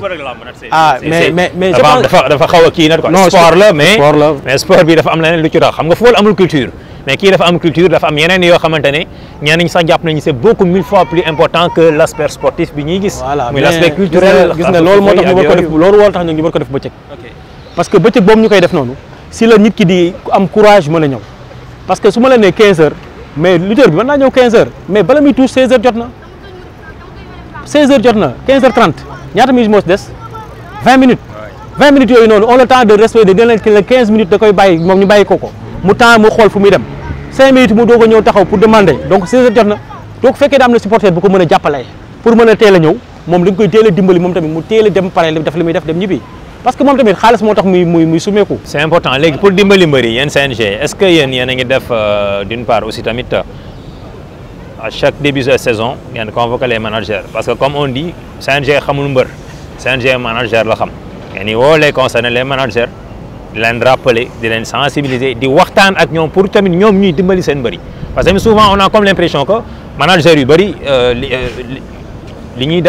ah mais mais mais je pense dafa dafa xaw a quoi sport là, mais sport la mais sport bi dafa am leneen lu ci rax xam nga football amul culture mais qui dafa am culture dafa am yeneen yoo xamante ne ñenn ñi sax jàpp nañu c'est beaucoup mille fois plus important que l'aspect sportif bi ñuy gis muy l'aspect culturel gis nga loolu moo tax ñu war ko def loolu woo tax ñu war ko def bëccëg parce que bëccëg boobu ñu koy def noonu si la nit ki di am courage mën a parce que su ma la nee 15 heures mais lutteur bi mën naa ñëw 15 heures mais bala muy tuus 16 heures jot na 16 heures jot na 15 heures 30 ñaata minutes moo des 20 minutes 20 minutes yooyu noonu on le temps de respecter dina leen 15 minutes da koy bàyyi moom ñu bàyyi ko ko mu temps mu xool fu muy dem 5 minutes mu doog a ñëw taxaw pour demander donc 16 heures jot na donc fekkee da am na supporter bu ko mën a jàppale pour mën a teel ñëw moom li nga koy teel a dimbali moom tamit mu teel a dem pare def muy def dem ñibbi parce que moom tamit muy muy muy important pour dimbali mbër yi CNG est ce que y yéen a une def euh, d'une part aussi tamit euh, à chaque début de saison ngeen convoqué les managers parce que comme on dit CNG xamul mbër CNG manager la xam ngeen Et les concernés les managers di rappellent, rappeler di leen sensibiliser di waxtaan ak ñoom pour tamit nous, ñuy dimbali seen parce que souvent on a comme l'impression que managers yu euh, li euh, ñuy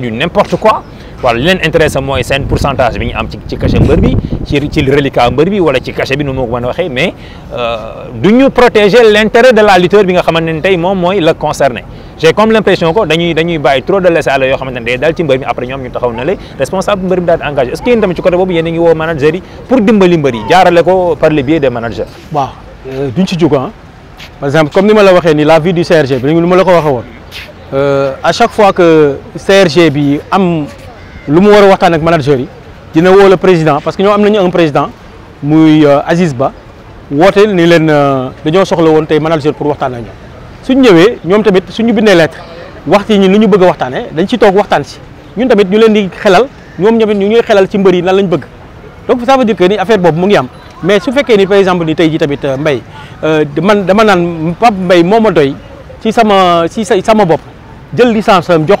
du n'importe quoi voilà li leen intéressé c'est un pourcentage bi ñu am ci ci cachet mbër bi ci ci reliquat mbër bi wala ci cachet bi nu ma ko mën a waxee mais euh, du ñu protéger l'intérêt de la lutteur bi nga xamante ne tey moom le concerné j'ai comme l'impression impression que dañuy dañuy bàyyi trop de laisser-aller yoo xamante ne day dal ci mbër mi après ñoom ñu taxaw na la responsable mbër bi daal engagé est ce que yéen tamit ci côté boobu yéen a ngi woo manager pour dimbali mbër yi jaarale ko par le biais des managers. waaw euh, duñ ci jóg hein. par exemple comme ni ma la waxee nii la vie du CRG bi ni ma la ko waxee woon euh, à chaque fois que CRG bi am lu mu war a waxtaan ak manager yi dina woo le président parce que ñoo am nañu un président muy euh, Aziz Ba woote ni leen euh, dañoo soxla woon tey manager pour waxtaan ak ñoom suñ ñëwee ñoom tamit suñu bindee lettre waxtu yi ñun lu ñu bëgg a waxtaanee dañ ci toog waxtaan si ñun tamit ñu leen di xelal ñoom ñamit ñu ñuy xelal ci mbër yi lan lañ bëgg donc ça veut dire que ni affaire boobu mu ngi am mais su fekkee ni par exemple ni tey ji tamit euh, mbay man dama Mbay doy ci sama ci sama bopp jël licence am jox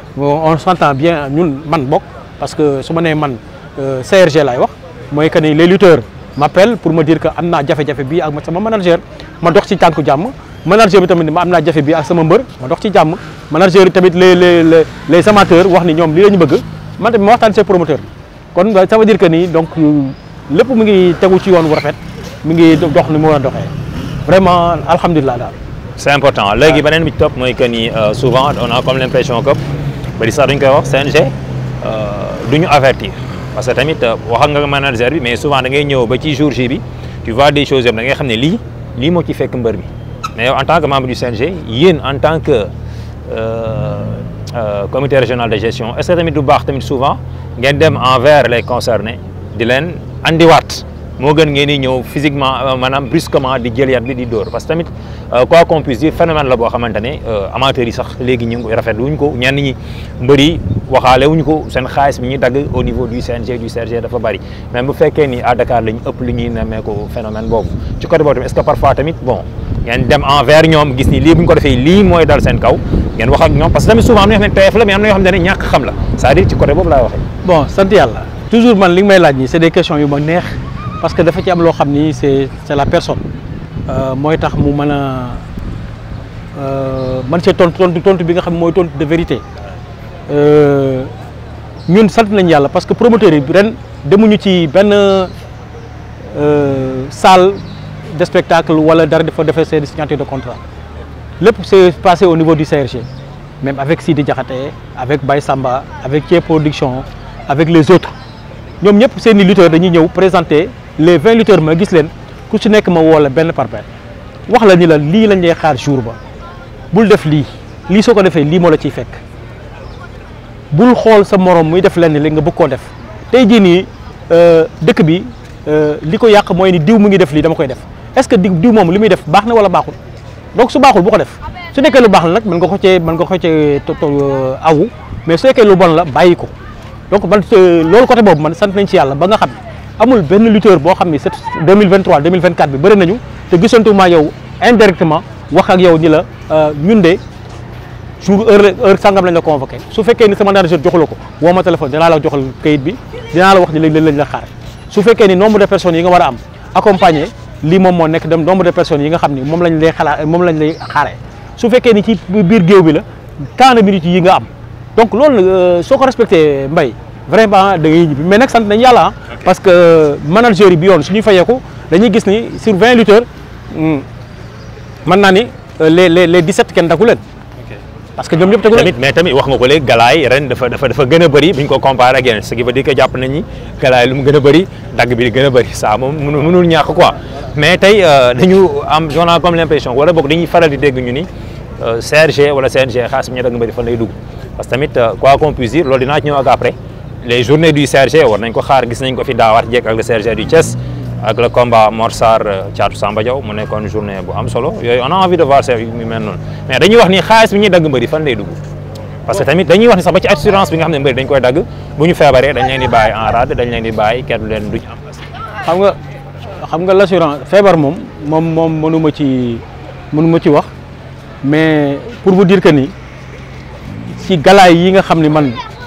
on s'entend bien ñun man bok parce que suma né nee man euh, CRG lay wax moy que ni les lutteurs m'appellent pour me dire que amna jafé jafé bi ak sama manager ma dox ci tanku jàmm manager bi tamit ma amna jafé bi ak sama mbeur ma dox ci jàmm manager tamit les les les amateurs wax ni ñom li lañu bëgg man tamit ma waxtaan seen promoteur kon ça veut dire que ni donc euh, lepp mu ngi téggu ci yoon wu rafet mu ngi dox ni mo war doxé vraiment alhamdulilah daal. c'est important légui benen bi top moy que ni euh, souvent on a comme l'impression que mais ça dañ koy wax CNG euh, du ñu avertir parce que tamit euh, wax nga manager mais souvent da ngay ñëw ba ci jour J bi tu vois des choses yëpp da ngay li ne lii lii moo ci fekk mbër mi mais yow en tant que membre du CNG yéen en tant que euh, euh, comité régional de gestion est ce que tamit du baax tamit souvent ngeen dem envers les concernés di leen andiwaat moo gën ngeen di physiquement euh, maanaam brusquement di jël yat bi di dóor parce que tamit euh, quoi qu'on puisse dire phénomène la boo xamante ne euh, amateurs yi sax léegi ñu ngi koy rafetlu wuñ ko ñenn ñi mbëri waxaale wuñ ko seen xaalis bi ñuy dagg au niveau du CNG du CRG dafa bëri même bu fekkee ni à Dakar lañ ëpp lu ñuy nemmee ko phénomène boobu ci côté boobu est-ce que parfois tamit bon ngeen dem envers ñoom gis ni lii bu ñu ko defee lii mooy dal seen kaw ngeen wax ak ñoom parce que tamit souvent am na ñoo xam ne teef la mais am na ñoo xam ne ñàkk xam la c'est-à-dire ci côté boobu laay waxee bon sant yàlla toujours man li nga may laaj nii c'est des questions yu ma neex parce que dafa ci am lo xamni c'est c'est la personne euh, moy tax mu meuna euh man see tontu tontu tontu bi nga xam moy tontu de vérité euh, ñun sant nañ yalla parce que promoteur yi ren demuñu ci euh salle de spectacle wala dara dafa defee seen signature de contrat lépp c'est passé au niveau du CRG même avec Sidi Diakhaté avec Baye Samba avec Thié Production avec les autres ñoom ñëpp seeni lutteurs dañuy ñëw présenter les 20 lutteurs ma gis leen ku ci nekk ma woo ben benn par benn wax la ni la lii lañ lay xaar jour ba bul def li lii soo ko defee lii la ciy fekk bul xool sa morom muy def lenn li nga def tey jini nii euh, bi euh, li ko yàq mooy ni diw mu ngi def dama koy def est ce que diw def baax wala bahun, donc su baaxul bu ko def su nekkee lu baax la nag mën nga ko cee mën nga ko cee euh, awu mais su nekkee lu bon la bàyyi donc man loolu côté boobu man sant nañ ci yàlla ba nga xam amul ben lutteur bo xam 2023 2024 bi bëri nañu te gissantuma yow indirectement wax ak yow ni la euh, ñun de jour heure heure sangam lañ la convoqué su fekké ni sama manager joxu la ko woo ma téléphone dinaa la joxal kayit bi dina la wax ni léegi lañ la xaar su fekké ni nombre de personnes yi nga wara am accompagner li mom mo nek dem nombre de personnes yi nga xamni mom lañ lay xala mom lañ lay xaré su fekké ni ci biir géew bi la tant de minutes yi nga am donc loolu euh, soo ko respecté Mbaye vraiment da mais nak sant nañu yalla ah, parce que manager bi yone suñu fayeku dañuy gis ni sur 20 lutteurs hmm, mën naa ni euh, les les les 17 ken daku leen. parce que ñoom ñep tegu tamit mais tamit wax nga ko léegi galay ren dafa dafa dafa gën a bëri bi ko comparer ak yeneen ce qui veut dire que jàpp nañ ni galay lu mu gëna a bëri dagg bi gëna gën bëri ça moom mënul ñàkk quoi mais tay euh, dañu am journal comme l'impression wala bok dañuy faral di dégg ñu ni euh, CRG wala CNG xaalis bi ñu dagg mbëri fan lay dugg parce que tamit quoi qu'on puisse dire loolu dinaa ak après les journées du CRG war nañ ko xaar gis nañ ko fi daawaat jekk ak le CRG du Thiès ak le combat Morsar euh, Thiatou Samba Diaw mu nekkoon journée bu am solo yooyu on a envie de voir ces yu mel noonu mais dañuy wax ni xaalis bi ñuy dagg mbëri fan lay dugg parce que tamit dañuy wax ni sax ba ci assurance bi nga xam ne mbëri dañ koy dagg bu ñu feebaree dañ leen di bàyyi en rade dañ leen di bàyyi kenn leen duñ am xam nga xam nga l' assurance feebar moom moom mënuma ci mënuma ci wax mais pour vous dire que ni si galaay yi nga xam ni man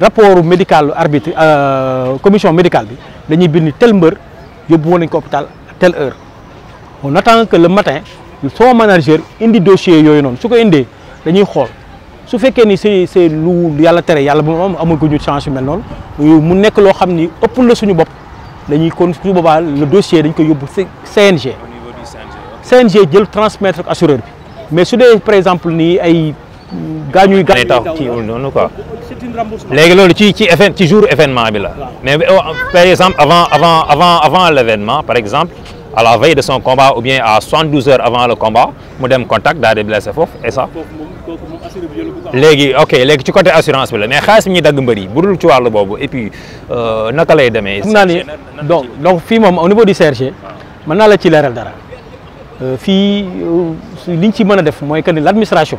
rapport médical arbitre euh, commission médicale bi dañuy bind tel mbeur yobou woon ko hôpital telle heure on attend que le matin son manager indi dossier yooyu non su ko indee dañuy xol su fekkee ni c'est c'est lu yalla tere yàlla bu am amul ko ñu chance mel noonu mu nek lo xamni ni ëpp la suñu bop dañuy kon baba le dossier dañ ko yóbbu CNG. CNG jël transmettre ko assureur bi mais su dé par exemple ni ay gaañu quoi événement mais euh, par exemple avant avant avant avant l'événement par exemple à la veille de son combat ou bien à 72 heures avant le combat mu contact et ça légui ok légui ci côté assurance mais xass ni dag mbeuri budul ci et puis euh, donc au niveau du CRG man suis la ci dara euh, ci que l'administration.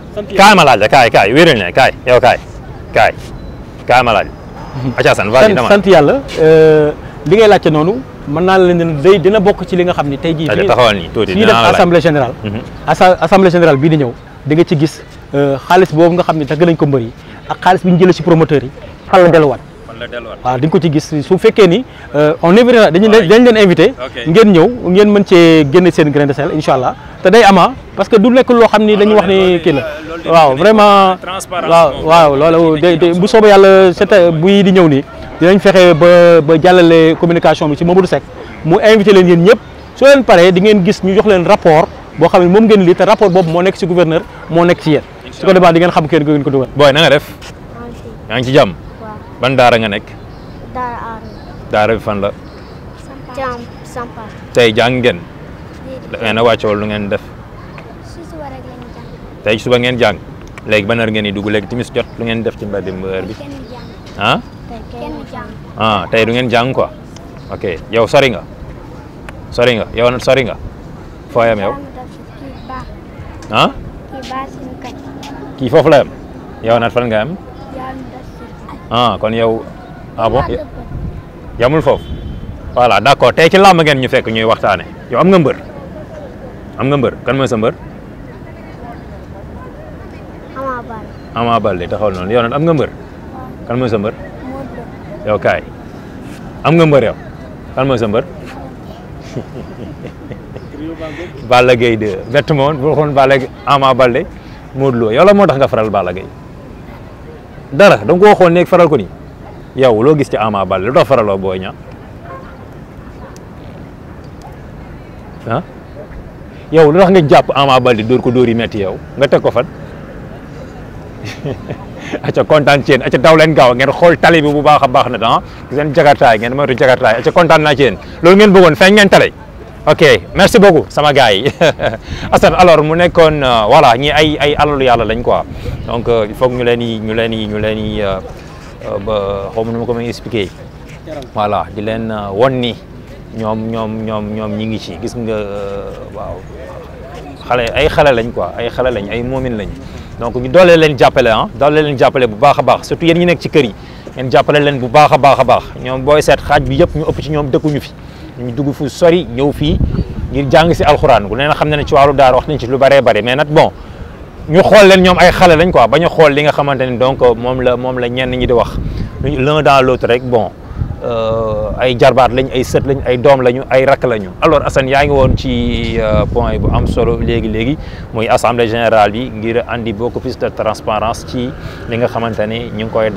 काय मला आलं काय काय वेळ नाही काय एव काय काय काय मला आलं Aca Assane vas-y dama sant yàlla euh, li ngay laajte noonu man naa leen ne day dina bokk ci li nga xam ne tey jii taxawal nii tuuti def assemblée générale hmm. assemblée générale bii di ñëw di nga ci gis euh, xaalis boobu nga xam ne dagg nañ ko mbër yi ak xaalis bi ñu jëlee si promoteur yi fan la delluwaat waaw di ko ci gis su fekkee ni euh, on invité dañu dañ leen invité ngeen ñëw ngeen mën cee génne seen grain de sel incha allah te day ama parce que du nekk loo xam ni ah, dañu wax ni Wow, la waaw vraiment waaw waaw loolu bu soobee yàlla c'était buy di ñëw nii dinañ fexe ba ba jàllale communication bi ci Mamadou Seck mu invité leen yéen ñëpp soo leen paree di ngeen gis ñu jox leen rapport boo xam ne moom ngeen lii te rapport boobu moo nekk ci gouverneur moo nekk ci yéen su ko defaa di ngeen xam kenn ngeen ko dugal booy na nga def yaa ngi ci jàmm ban daara nga nekk daara daara fan la tey jàng ngeen da ngeen a lu ngeen def. tey suba ngeen jàng léegi ban heure ngeen di dugg léegi timis jot lu ngeen def ci mbedd mi heure bi ah. ah tey du ngeen jàng quoi ok yow sori nga sori nga yow sori nga foo ah? kii foofu la yam yow naat fan nga yam ah, kon yow ah bon yamul foofu voilà d'accord tey ci làmb ngeen ñu fekk ñuy waxtaane yow am nga mbër. am nga mbër kan mooy sa mbër. Ama Baldé. Ama Baldé taxawal noonu yow nag am nga mbër. kan mooy sa mbër. yow kaay am nga mbër yow ya? kan mooy sa mbër. Balla Gaye 2 bett ma bu waxoon Balla Ama Baldé Modou Lo yow la moo nga faral Balla Gaye dara da nga ko waxoon nekk faral ko ni yow loo gis ci Ama Baldé lu tax Boy Niang ah yow lu tax nga jàpp Ama Baldé dóor ko dóor yi metti yow nga teg ko fan acca *laughs* kontaan ci yéen acca daw leen gaaw ngeen xool tali bi bu baax a baax na ah seen jakartaay ngeen moytu jakartaay acca kontaan naa ci yéen loolu ngeen bëggoon feeñ ngeen tale ok merci beaucoup sama gars yi *laughs* Assane alors mu nekkoon euh, voilà ñi ay ay alalu yàlla lañ quoi donc euh, il faut ñu leen di ñu leen di ñu leen di euh, ba xaw nu ko may expliquer voilà di leen won ñoom ñoom ñoom ñoom ñi ngi ci gis nga euh, waaw xale ay xale lañ quoi ay xale lañ ay moomin lañ donc ñu doole leen jàppale ah doole leen jàppale bu baax baax surtout yéen nekk ci kër yi ngeen leen bu baax a baax a baax ñoom booy seet xaaj bi yëpp ñu ëpp ci ñoom dëkkuñu fi ñu dugg fu sori ñëw fii ngir jàng si alxuraan bu leen xam ne ne ci wàllu daara wax nañ ci lu bëree bëri mais nag bon ñu xool leen ñoom ay xale lañ quoi ba ñu xool li nga xamante ni donc moom la moom la ñenn ñi di wax l'un dans l'autre rek bon Uh, ay jarbaat lañ ay sët lañ ay doom lañu ay rak lañu alors Assane yaa ngi woon ci uh, point bu am solo assemblée générale bi ngir andi beaucoup plus de transparence ci li nga xamante ñu koy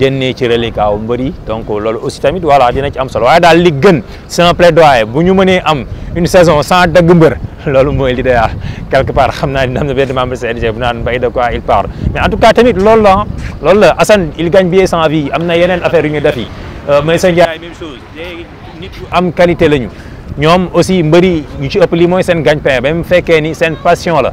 dennee euh, ci reliquat wu mbër yi donc loolu aussi tamit voilà dina ci am solo waaye daal li gën sans plaidoyer bu ñu mënee am une saison sans dagg mbër *laughs* loolu mooy li l'idéal quelque part xam naa dina am na benn membre CNG bu naan mbay de quoi il parle mais en tout cas tamit loolu la loolu il gagne bien sa vie am na yeneen affaire yu ñu def yi mais sa njaay am qualité la ñoom aussi mbëri ñu ci ëpp lii mooy seen gagne-pain même fekkee ni seen passion la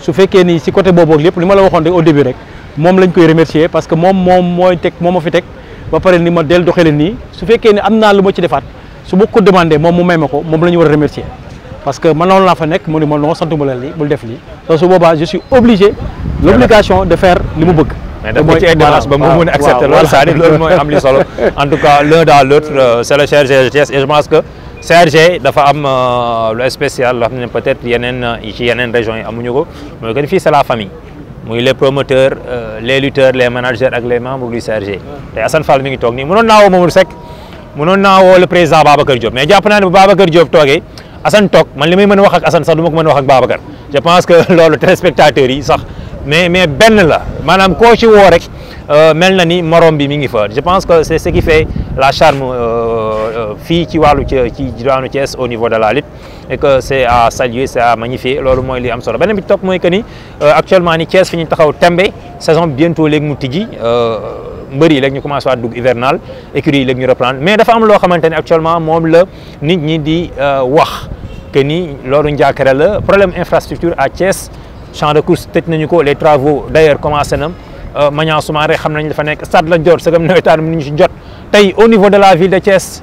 su fekkee ni si côté boobu ak lépp li ma la waxoon rek au début rek moom lañ koy remercier parce que moom moom mooy teg moo ma fi teg ba pare ni ma del doxalee nii su fekkee ni am naa lu ma ci defaat su ma ko demandé moom mu may ma ko moom la ñu war a remercier parce que man noonu laa fa nekk mu ni ma non sant ma la lii bul def lii te su boobaa je suis obligé l'obligation de faire li mu bëgg mooy voilà ba mu mun accepter loolu cest ni dire loolu mooy am li solo *laughs* en tout cas l'un dans l'autre euh, c'est le cher GTS et je pense que CRG dafa am euh, le spécial peut-être yeneen euh, y a une région. amuñu ko mais que c'est la famille muy les promoteurs euh, les lutteurs les managers ak les membres du CRG te Assane Fall mi ngi toog nii mënoon naa woo Mamadou Seck mënoon naa woo le président Babacar Diop mais jàpp naa ne bu Babacar Diop toogee Assane toog man li may mën a wax ak Assane sax du ma wax ak Babacar je pense que *laughs* loolu téléspectateurs yi sax mais mais ben la maanaam koo ci woo rek mel ni morom bi mi ngi fa je pense que c'est ce qui fait la charme fi ci wàllu ci ci diwaanu Thiès au niveau de la lutte et que c'est à saluer c'est à magnifier loolu mooy li am solo beneen bi top moy que ni euh, actuellement ni Thiès fini taxaw tembe saison bientôt léegi mu tijji euh, mbër yi léegi ñu commencé waat dug hivernal écurie yi ñu reprendre mais dafa am lo xamanteni actuellement mom le nit ñi di euh, wax que ni loolu njaakare la problème infrastructure à Thiès champ de course tëj nañu ko les travaux d'ailleurs ailleurs commencé na Maniang Soumaré xam nañ dafa nekk stade la jor sëgam nawetaan mu ñu si jot tey au niveau de la ville de Thiès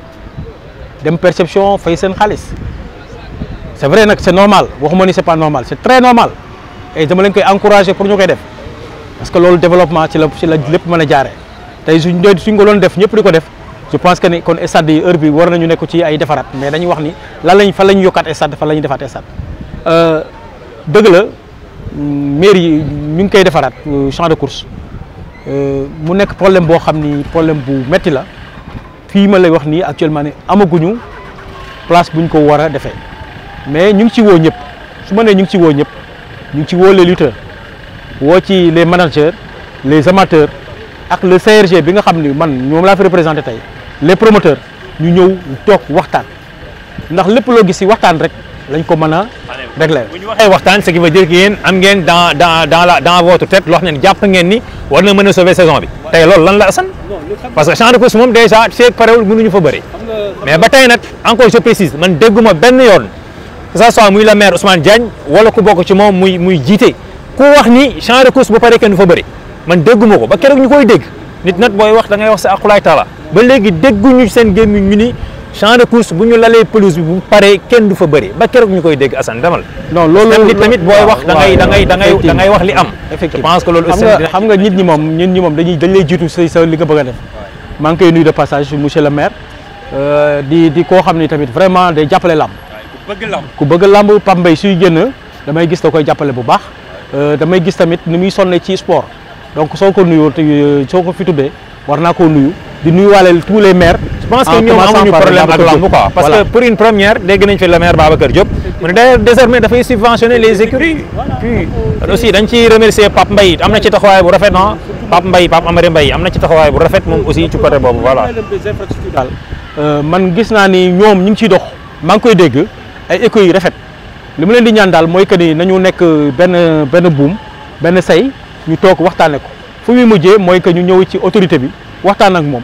dem perception fay sen khalis c'est vrai nak c'est normal waxuma ni c'est pas normal c'est très normal et dama len koy encourager pour ñu koy def parce que lolu développement ci la ci la lépp mën a jaaree tey suñ suñ ko doon def ñepp di ko def je pense que ni kon stade yi heure bi war nañu nekk ci ay défarat mais dañuy wax ni lan lañ fa lañ ñu yokkaat stade fa lañ ñuy stade euh deug la mairie yi ñu ngi koy défarat euh, champ de course euh mu nekk problème bo xamni problème bu metti la. fii ma lay wax nii actuellement ni amaguñu place bu buñ ko war a defee mais ñu ngi ci woo ñëpp su ma nee ñu ngi ci woo ñëpp ñu ngi ci woo le lutteurs woo ci les managers les amateurs ak le CRG bi nga xam ni man ñoom laa fi représenté tey les promoteurs ñu ñëw toog waxtaan ndax lépp loo gis si waxtaan rek lañ ko mën a rek la bu ñu waxtaan ce qui veut dire que yéen am ngeen dans dans dans la dans votre tête loo xam jàpp ngeen ni war na mën a sauver saison bi tey loolu lan la asan parce que champ de course moom déjà seeg parewul mënuñu fa bëri mais ba tey nag encore je précise man dégguma benn yoon que ça soit muy la maire Ousmane Diagne wala ku bokk ci moom muy muy jiite ku wax ni champ de course bu paree kenn du fa bëri man dégguma ko ba keroog ñu koy dégg nit nag booy wax da ngay wax sa akulaay taala ba léegi dégguñu seen gémmiñ ñu ni champ de course bu ñu pelouse bi bu paré kenn du fa bëri ba keroog ñu koy dégg Assane damal non loolu tamit boy wax da ngay da ngay da ngay da ngay wax li am. je pense que loolu aussi xam nga nit ñi mom nit ñi mom dañuy dañ lay jiitu sa sa li nga bëgg def. maa kay nuy de passage monsieur le maire euh di di ko xamni tamit vraiment day jappalé làmb. ku bëgg làmb ku bëgg làmb pambay Mbaye suy génn damay gis da koy jappalé bu baax. Euh, damay gis tamit ni muy sonné ci sport donc soo ko nuyoo euh, soo ko fi tuddee war naa koo nuyu di nuyuwaale tous les maires. pense que ñoom amuñu problème ak lamb quoi parce que pour une première dégg nañ fi le maire Babacar Diop mu ne d'ailleurs désormais dafay subventionner les écuries puis aussi dañ ciy remercier am na ci taxawaay bu rafet non ah. Pape Mbaye Pape Amary Mbaye am na ci taxawaay bu rafet moom aussi ci côté boobu voilà euh, man gis naa ni ñoom ñu ngi ciy dox maa ngi koy dégg ay écho yi rafet li ma leen di ñaan daal mooy que ni nañu nekk benn benn buum benn say ñu toog waxtaane ko fu muy mujjee mooy que ñu ñëw ci autorité bi waxtaan ak moom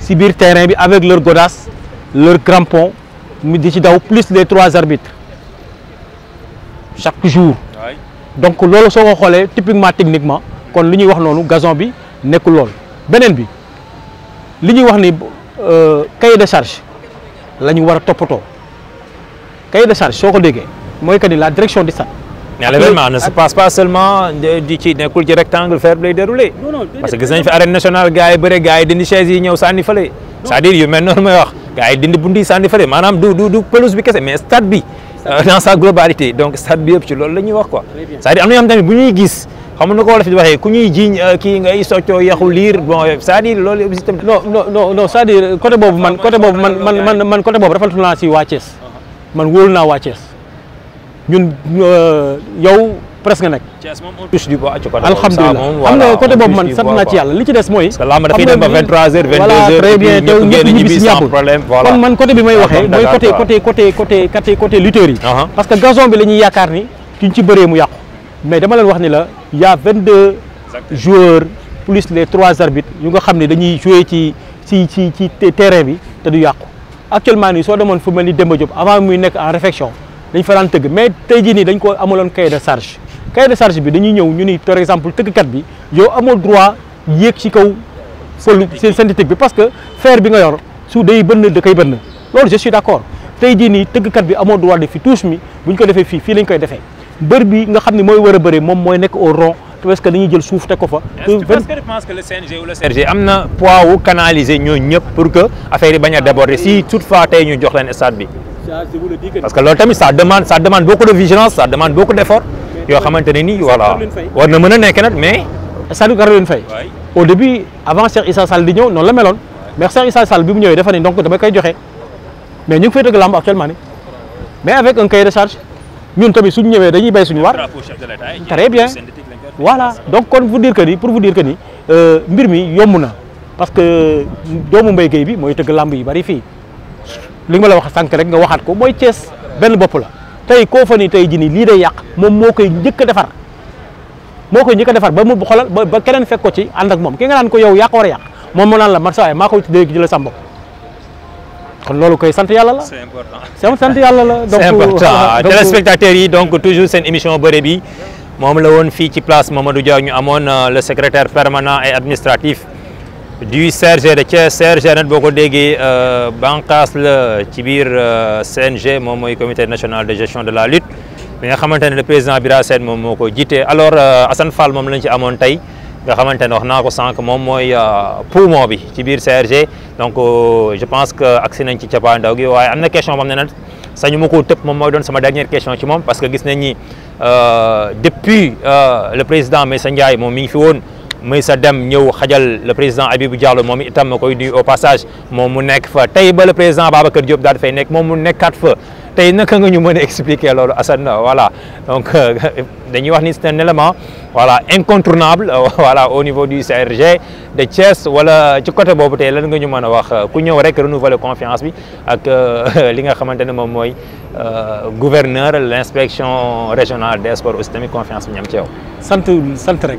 si terrain avec leur godasses, leurs crampons, nous décidons plus de trois arbitres chaque jour donc ce que vous typiquement techniquement kon que le gazon euh, cahier de charge la cahier de charge la direction de ça. mais l'événement ne se ah, passe pas seulement di ci nekkul ci rectangle vert lay déroulé. parce que gis dindi chaise yi ñëw sànni fële. c'est-à-dire yu mel wax gars dindi bundi sànni fële maanaam du du bi kese mais stade bi. Euh, dans sa donc stade bi yëpp ci loolu la wax quoi. c'est-à-dire am na yoo xam tamit bu ko wala fi waxee ku ñuy jiiñ euh, kii ngay soccoo yaxu liir bon c'est-à-dire loolu aussi tamit. non non non man côté boobu man man man côté boobu uh-huh. man wóolu naa ñun euh, yow presque nga nekk. plus du bois xam nga côté boobu man sant naa ci yàlla li ci des mooy. xam nga dem ba 23h 22h. voilà très bien te ñëpp ñu kon man côté bi may waxee *laughs* mooy côté côté côté côté côté côté lutteurs uh-huh. parce que gazon bi la ñuy yaakaar ni kiñ ci bëree mu yàqu. mais dama leen wax ni la y' a 22 joueurs plus les trois arbitres yu nga xam ni dañuy jouer ci ci ci ci terrain bi te du yàqu actuellement nii soo demoon fu mel ni Demba Diop avant muy nekk en réflexion. dañ fa daan tëgg mais tey jii nii dañ ko amaloon cahier de charge cahier de charge bi dañuy ñëw ñu ni par exemple kat bi yow amoo droit yek ci kaw fël seen synthétique bi parce que fer bi nga yor su day bënd de kay bënd loolu je suis d'accord tey ni nii kat bi amoo droit de fi touche mi buñ ko défé fi fi lañ koy défé bër bi nga xamni moy mooy war a bëre moom mooy nekk au rond parce que dañuy jël souf teg ko fa. est-ce que tu penses que le CNG ou le CRG amna poids wu canaliser ñoo ñep pour que affaire yi baña a déborder si toutefois tay ñu jox len stade bi. parce que loolu tamit ça demande ça demande beaucoup de vigilance ça demande beaucoup d' effort yoo xamante ne nii voilà war na mën a nekk nag mais Saliou Caroline Faye au début avant Cheikh Issa Sall di ñëw noonu la meloon mais Cheikh Issa Sall bi mu ñëwee dafa ne donc dama koy joxe mais ñu ngi fay dëgg làmb actuellement ni mais avec un cahier de charge ñun tamit suñu ñëwee dañuy béy suñu waar très bien voilà donc kon vous dire que ni pour vous dire que euh, mbir mi yomb na parce que euh, bi mooy tëgg làmb yi bari fii li ma la wax sànq rek nga waxaat ko mooy Thiès benn bopp la tey koo fa ni tey ji ni lii day yàq moom moo koy njëkk a defar moo koy njëkk a defar ba mu xolal ba keneen fekk ko ci ànd ak moom ki nga naan ko yow yaa ko war a yàq moom moo naan la man sa waay maa ko tuddee jëla sa mbokk kon loolu koy sant yàlla la c'est important sant yàlla la donc c'est important ah, téléspectateurs yi donc toujours seen émission bëre bi moom la woon fii ci place Mamadou Dia ñu amoon euh, le secrétaire permanent et administratif du CRG de Thiès CRG nag boko le tibir euh, bànqaas le ci bir euh, CNG mom moy comité national de gestion de la lutte mais nga xamantene le président Bira Sène moom moo alors à euh, Fall mom lañ ci amone tay nga xamantene wax nako sank mom moy poumon bi ci bir CRG donc je pense que agsi nañ ci cappaandaw gi waye amna question mon xam sañu ma tepp mom moy mooy sama dernière question ci mom parce que gis nañ ni depuis le président Messa Ndiaye mon mi fi Meissa Dem ñëw xajal le président Habibou Diallo moom itam ma koy nuyu au passage moom mu nekk fa tey ba le président Babacar Diop daal fay nekk moom mu quatre fa tey naka nga ñu mën a expliquer loolu Assane voilà donc *laughs* dañuy wax ni c'est un élément voilà incontournable *laughs* voilà au niveau du CRG de Thiès wala ci côté bobu tey lan nga ñu mëna wax ku ñëw rek renouveler confiance bi ak *laughs* li nga xamantene mom moy euh, gouverneur l'inspection régionale des sports aussi tamit confiance bi ñam ci yow sante sante rek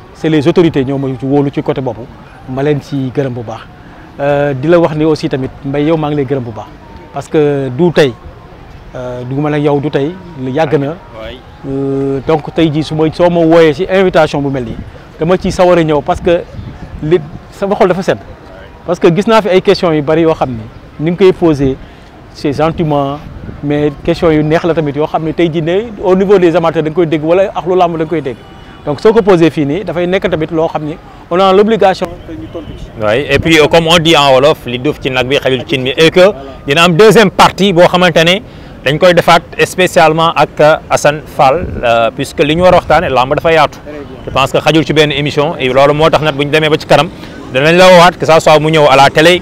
c'est les autorités ñoo ma wóolu ci côté boobu ma len ci gërëm bu baax euh dila wax ni aussi tamit mbay yow maa ngi lay gërëm bu baax parce que du tey euh, du ma la yow du tey yàgg na euh, donc tay ji su ma woyé ci invitation bu melni dama ci sawar a ñëw parce que li sama xol dafa sedd parce que gis na fi ay questions yu bari yo xamni ni nga koy poser c'est gentiment mais question yu neex la tamit yo xamni tay ji né au niveau des amateurs dang koy dégg wala akhlu lamb dang koy dégg donc soo ko posé fii nii dafay nekk tamit loo on a l'obligation ñu tontu ci. oui et puis euh, comme on dit en wolof li duuf ci nak bi xajul ci bi et que dina am deuxième partie bo xamante dañ koy defat spécialement ak Hassan euh, Fall euh, puisque li ñu war a waxtaane làmb dafa yaatu. je pense que xajul ci ben émission et lolu motax tax nag démé ba ci karam dañ lañ la woowaat que ça soit mu ñëw à la télé.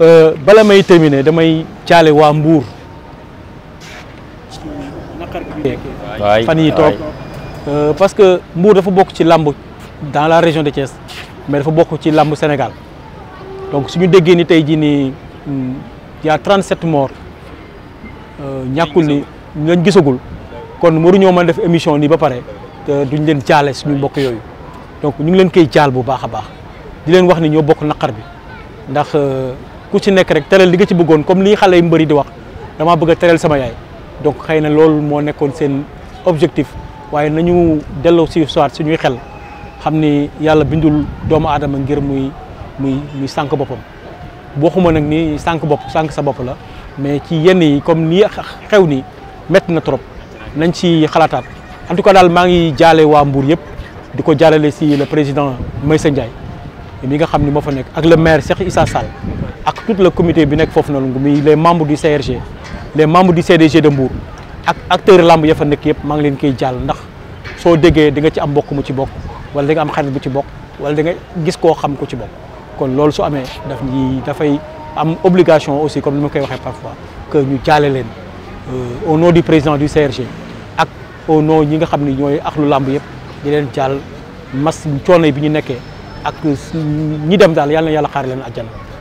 Euh, bala may terminer damay caale waa Mbour. fan yi euh, parce que Mbour dafa bokk ci làmb dans la région de Thiès mais dafa bokk ci làmb Sénégal donc suñu déggee ni tey jii nii hmm, y a 37 morts euh, ñàkkul ni lañ gisagul kon waruñoo mën def émission nii ba pare duñ leen caale suñu mbokk yooyu donc ñu ngi leen koy caal bu baax a baax di leen wax ni ñoo bokk naqar bi ndax ku ci nekk rek teral li nga ci bëggoon comme li xale yi mbëri di wax dama bëgg a teral sama yaay donc xëy na loolu moo seen objectif waaye nañu delloo si soit suñuy xel xam ni bindul doomu aadama ngir muy muy muy sànq boppam waxuma nag ni sànq bop sànq sa bopp la mais ci yenn yi comme ni xew ni metti na trop nañ ci xalaataat en tout cas ngi si le président Maysa Ndiaye mi nga xam ni moo fa nekk ak le maire Cheikh Issa Sall tout le comité les membres du CRG les membres du CDG de Mbour les acteurs lamb l'équipe. ils nekk fait leen ndax di nga ci am ils mu ci bokk wala di nga am xarit bu ci bokk wala di nga gis xam ci bokk obligation aussi comme nous le parfois que nous euh, au nom du président du CRG et au nom de nga xam ne ñooy axlu làmb nous di leen mass bi ñu ak ñi dem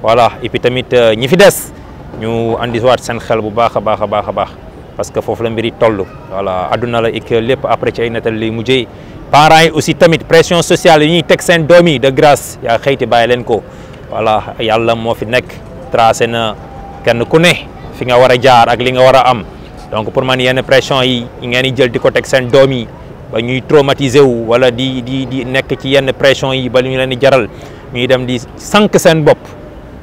voilà et puis tamit euh, ñi fi dess ñu andiwaat sen xel bu baaxa baaxa baaxa baax parce que fofu la mbiri tollu voilà aduna la ik lepp après ci ay natal lay mujjee parents aussi tamit pression sociale ñi tek sen domi de grâce ya xeyti baye len ko voilà yalla mo fi nek tracé na kenn ku ne fi nga wara jaar ak li nga wara am donc pour man yenn pression yi ngeen ni jël diko tek sen domi ba ñuy traumatiser wu wala di di di nek ci yenn pression yi ba lu ñu leen jaral ñuy dem di sank sen bop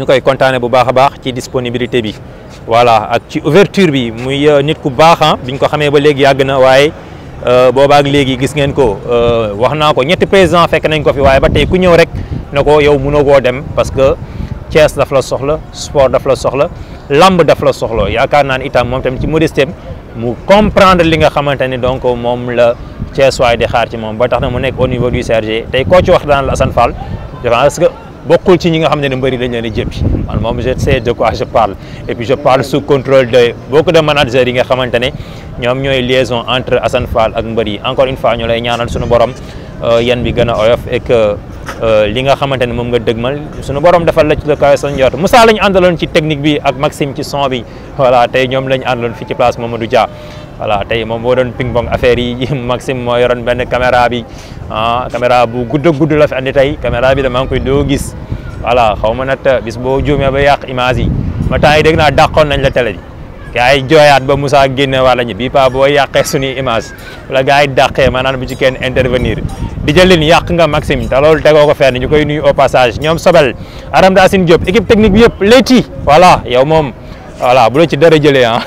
ñu koy kontaane bu baax a baax ci disponibilité bi voilà ak ci ouverture bi muy euh, nit ku baax ah. bi ñu ko xamee ba léegi yàgg na waaye euh, boobaak léegi gis ngeen ko euh, wax naa ko ñetti président fekk nañ ko fi waaye ba tey ku ñëw rek ne ko yow mënoo ko dem parce que Thiès daf la soxla sport daf la soxla lamb daf la soxla yaakaar naa ne itam moom tamit ci modestem mu comprendre li nga xamante ni donc moom la Thiès waay di xaar ci moom ba tax na mu nekk au niveau du CRG koo ci wax daan la Assane bokkul ci ñi nga xam ne ne mbëri dañ leen a jëppi man moom je sais de quoi je parle et puis je sous contrôle de beaucoup de managers yi nga xamante ne ñoom ñooy liaison entre Assane Fall ak mbër yi encore une fois ñu lay ñaanal suñu borom euh, yan bi gën a oyof et que euh, li nga xamante ne moom nga dëgmal suñu borom defal la ci le kaw sa njort Moussa la ñu àndaloon ci technique bi ak Maxime ci son bi voilà tey ñoom la ñu àndaloon fii ci place Mamadou Dia voilà tey moom moo doon ping pong affaire *laughs* yi Maxime moo yoroon benn caméra bi ah caméra bu gudd gudd la fi andi tey caméra bi dama ngi koy doo gis voilà xaw ma nag bis boo juumee ba yàq image yi ma temps yi dégg naa dàqoon nañ la télé bi gars yi ba Moussa génne wàlla ñi bii paa boo yàqee suñuy image wala gars yi dàqee bu ci kenn intervenir di jël leen yàq nga Maxime te loolu tegoo ko fenn ñu koy nuyu au passage ñoom Sobel Aram Racine Diop équipe technique bi yëpp léegi voilà yow moom. voilà bu la ci dara jëlee ah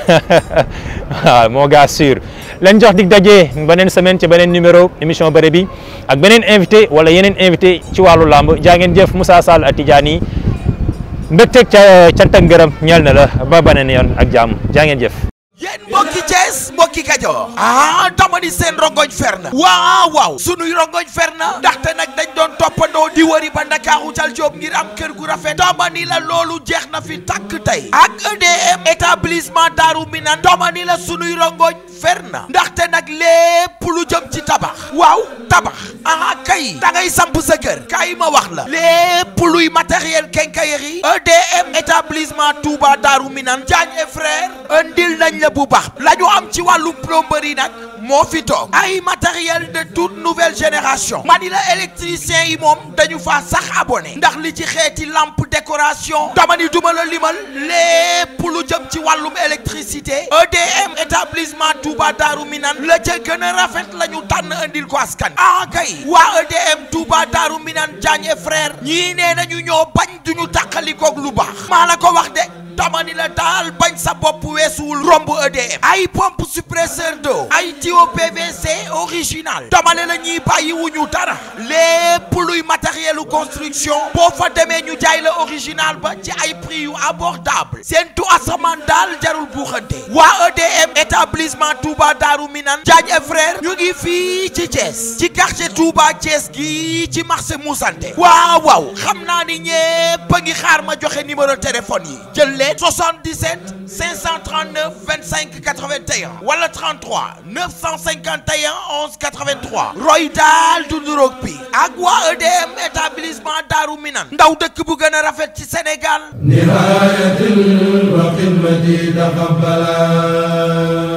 waaw moo gaa sûr leen jox dig daje beneen semaine ci beneen numéro émission bëre bi ak beneen invité wala yeneen invité ci wàllu làmb jaa ngeen jëf Moussa Sall ak Tidiane mbégteeg ca cant ak ngërëm ñeel na la ba beneen yoon ak jàmm jaa ngeen jëf. yéen mbokki Thiès mbokki Kajoor ah dama ni seen rongoñ fer na waaw waaw sunuy rongoñ fer na ndaxte nag dañ doon toppandoo di wëri ba Ndakaaru cal Diop ngir am kër gu rafet dama ni la loolu jeex na fi tàkk tey ak EDM établissement Darou Minane dama ni la sunuy rongoñ fer na ndaxte nag lépp lu jëm ci tabax waaw tabax ah kay da ngay samp sa kër kay ma wax la lépp luy matériel quincaillerie EDM établissement Touba Darou Minane Diagne et frère andil nañ la bu baax la ñu am ci wàllu plomberie nag moo fi ay matériel de toute nouvelle génération Manila électricien yi moom dañu fa sax abonné ndax li ci xéti lampe décoration dama ni duma la limal lépp lu jëm ci walum électricité EDM établissement Touba Darou Minane la ci gëna rafet la ñu andil ko askan ah kay wa EDM Touba Darou Minane jañé frère ñi né nañu ñoo bañ duñu ak lu bax. Ma la ko wax de tamani la daal bañ sa bop wessul romb EDM ay pompe suppresseur d'eau ay PVC original Tamale ne la ñuy bàyyi wuñu dara lépp luy matériel construction boo fa demee ñu jaay la original ba ci ay prix abordable Sen tu asamaan daal jarul buxante. Wa EDM établissement Touba Darou Minan Diagne E frère ñu ngi fi ci Thiès ci quartier Touba Thiès gi ci marché moussanté waaw waaw xamna ni ñepp a ngi xaar ma joxe numéro téléphone yi jël 77 539 25 81 wala 33 9 251 11 83 roy daal du nuroog bi ak waa EDM établissement Darou Minane ndaw dëkk bu gën a rafet ci Sénégal nihayatin wa xidmati taqabbala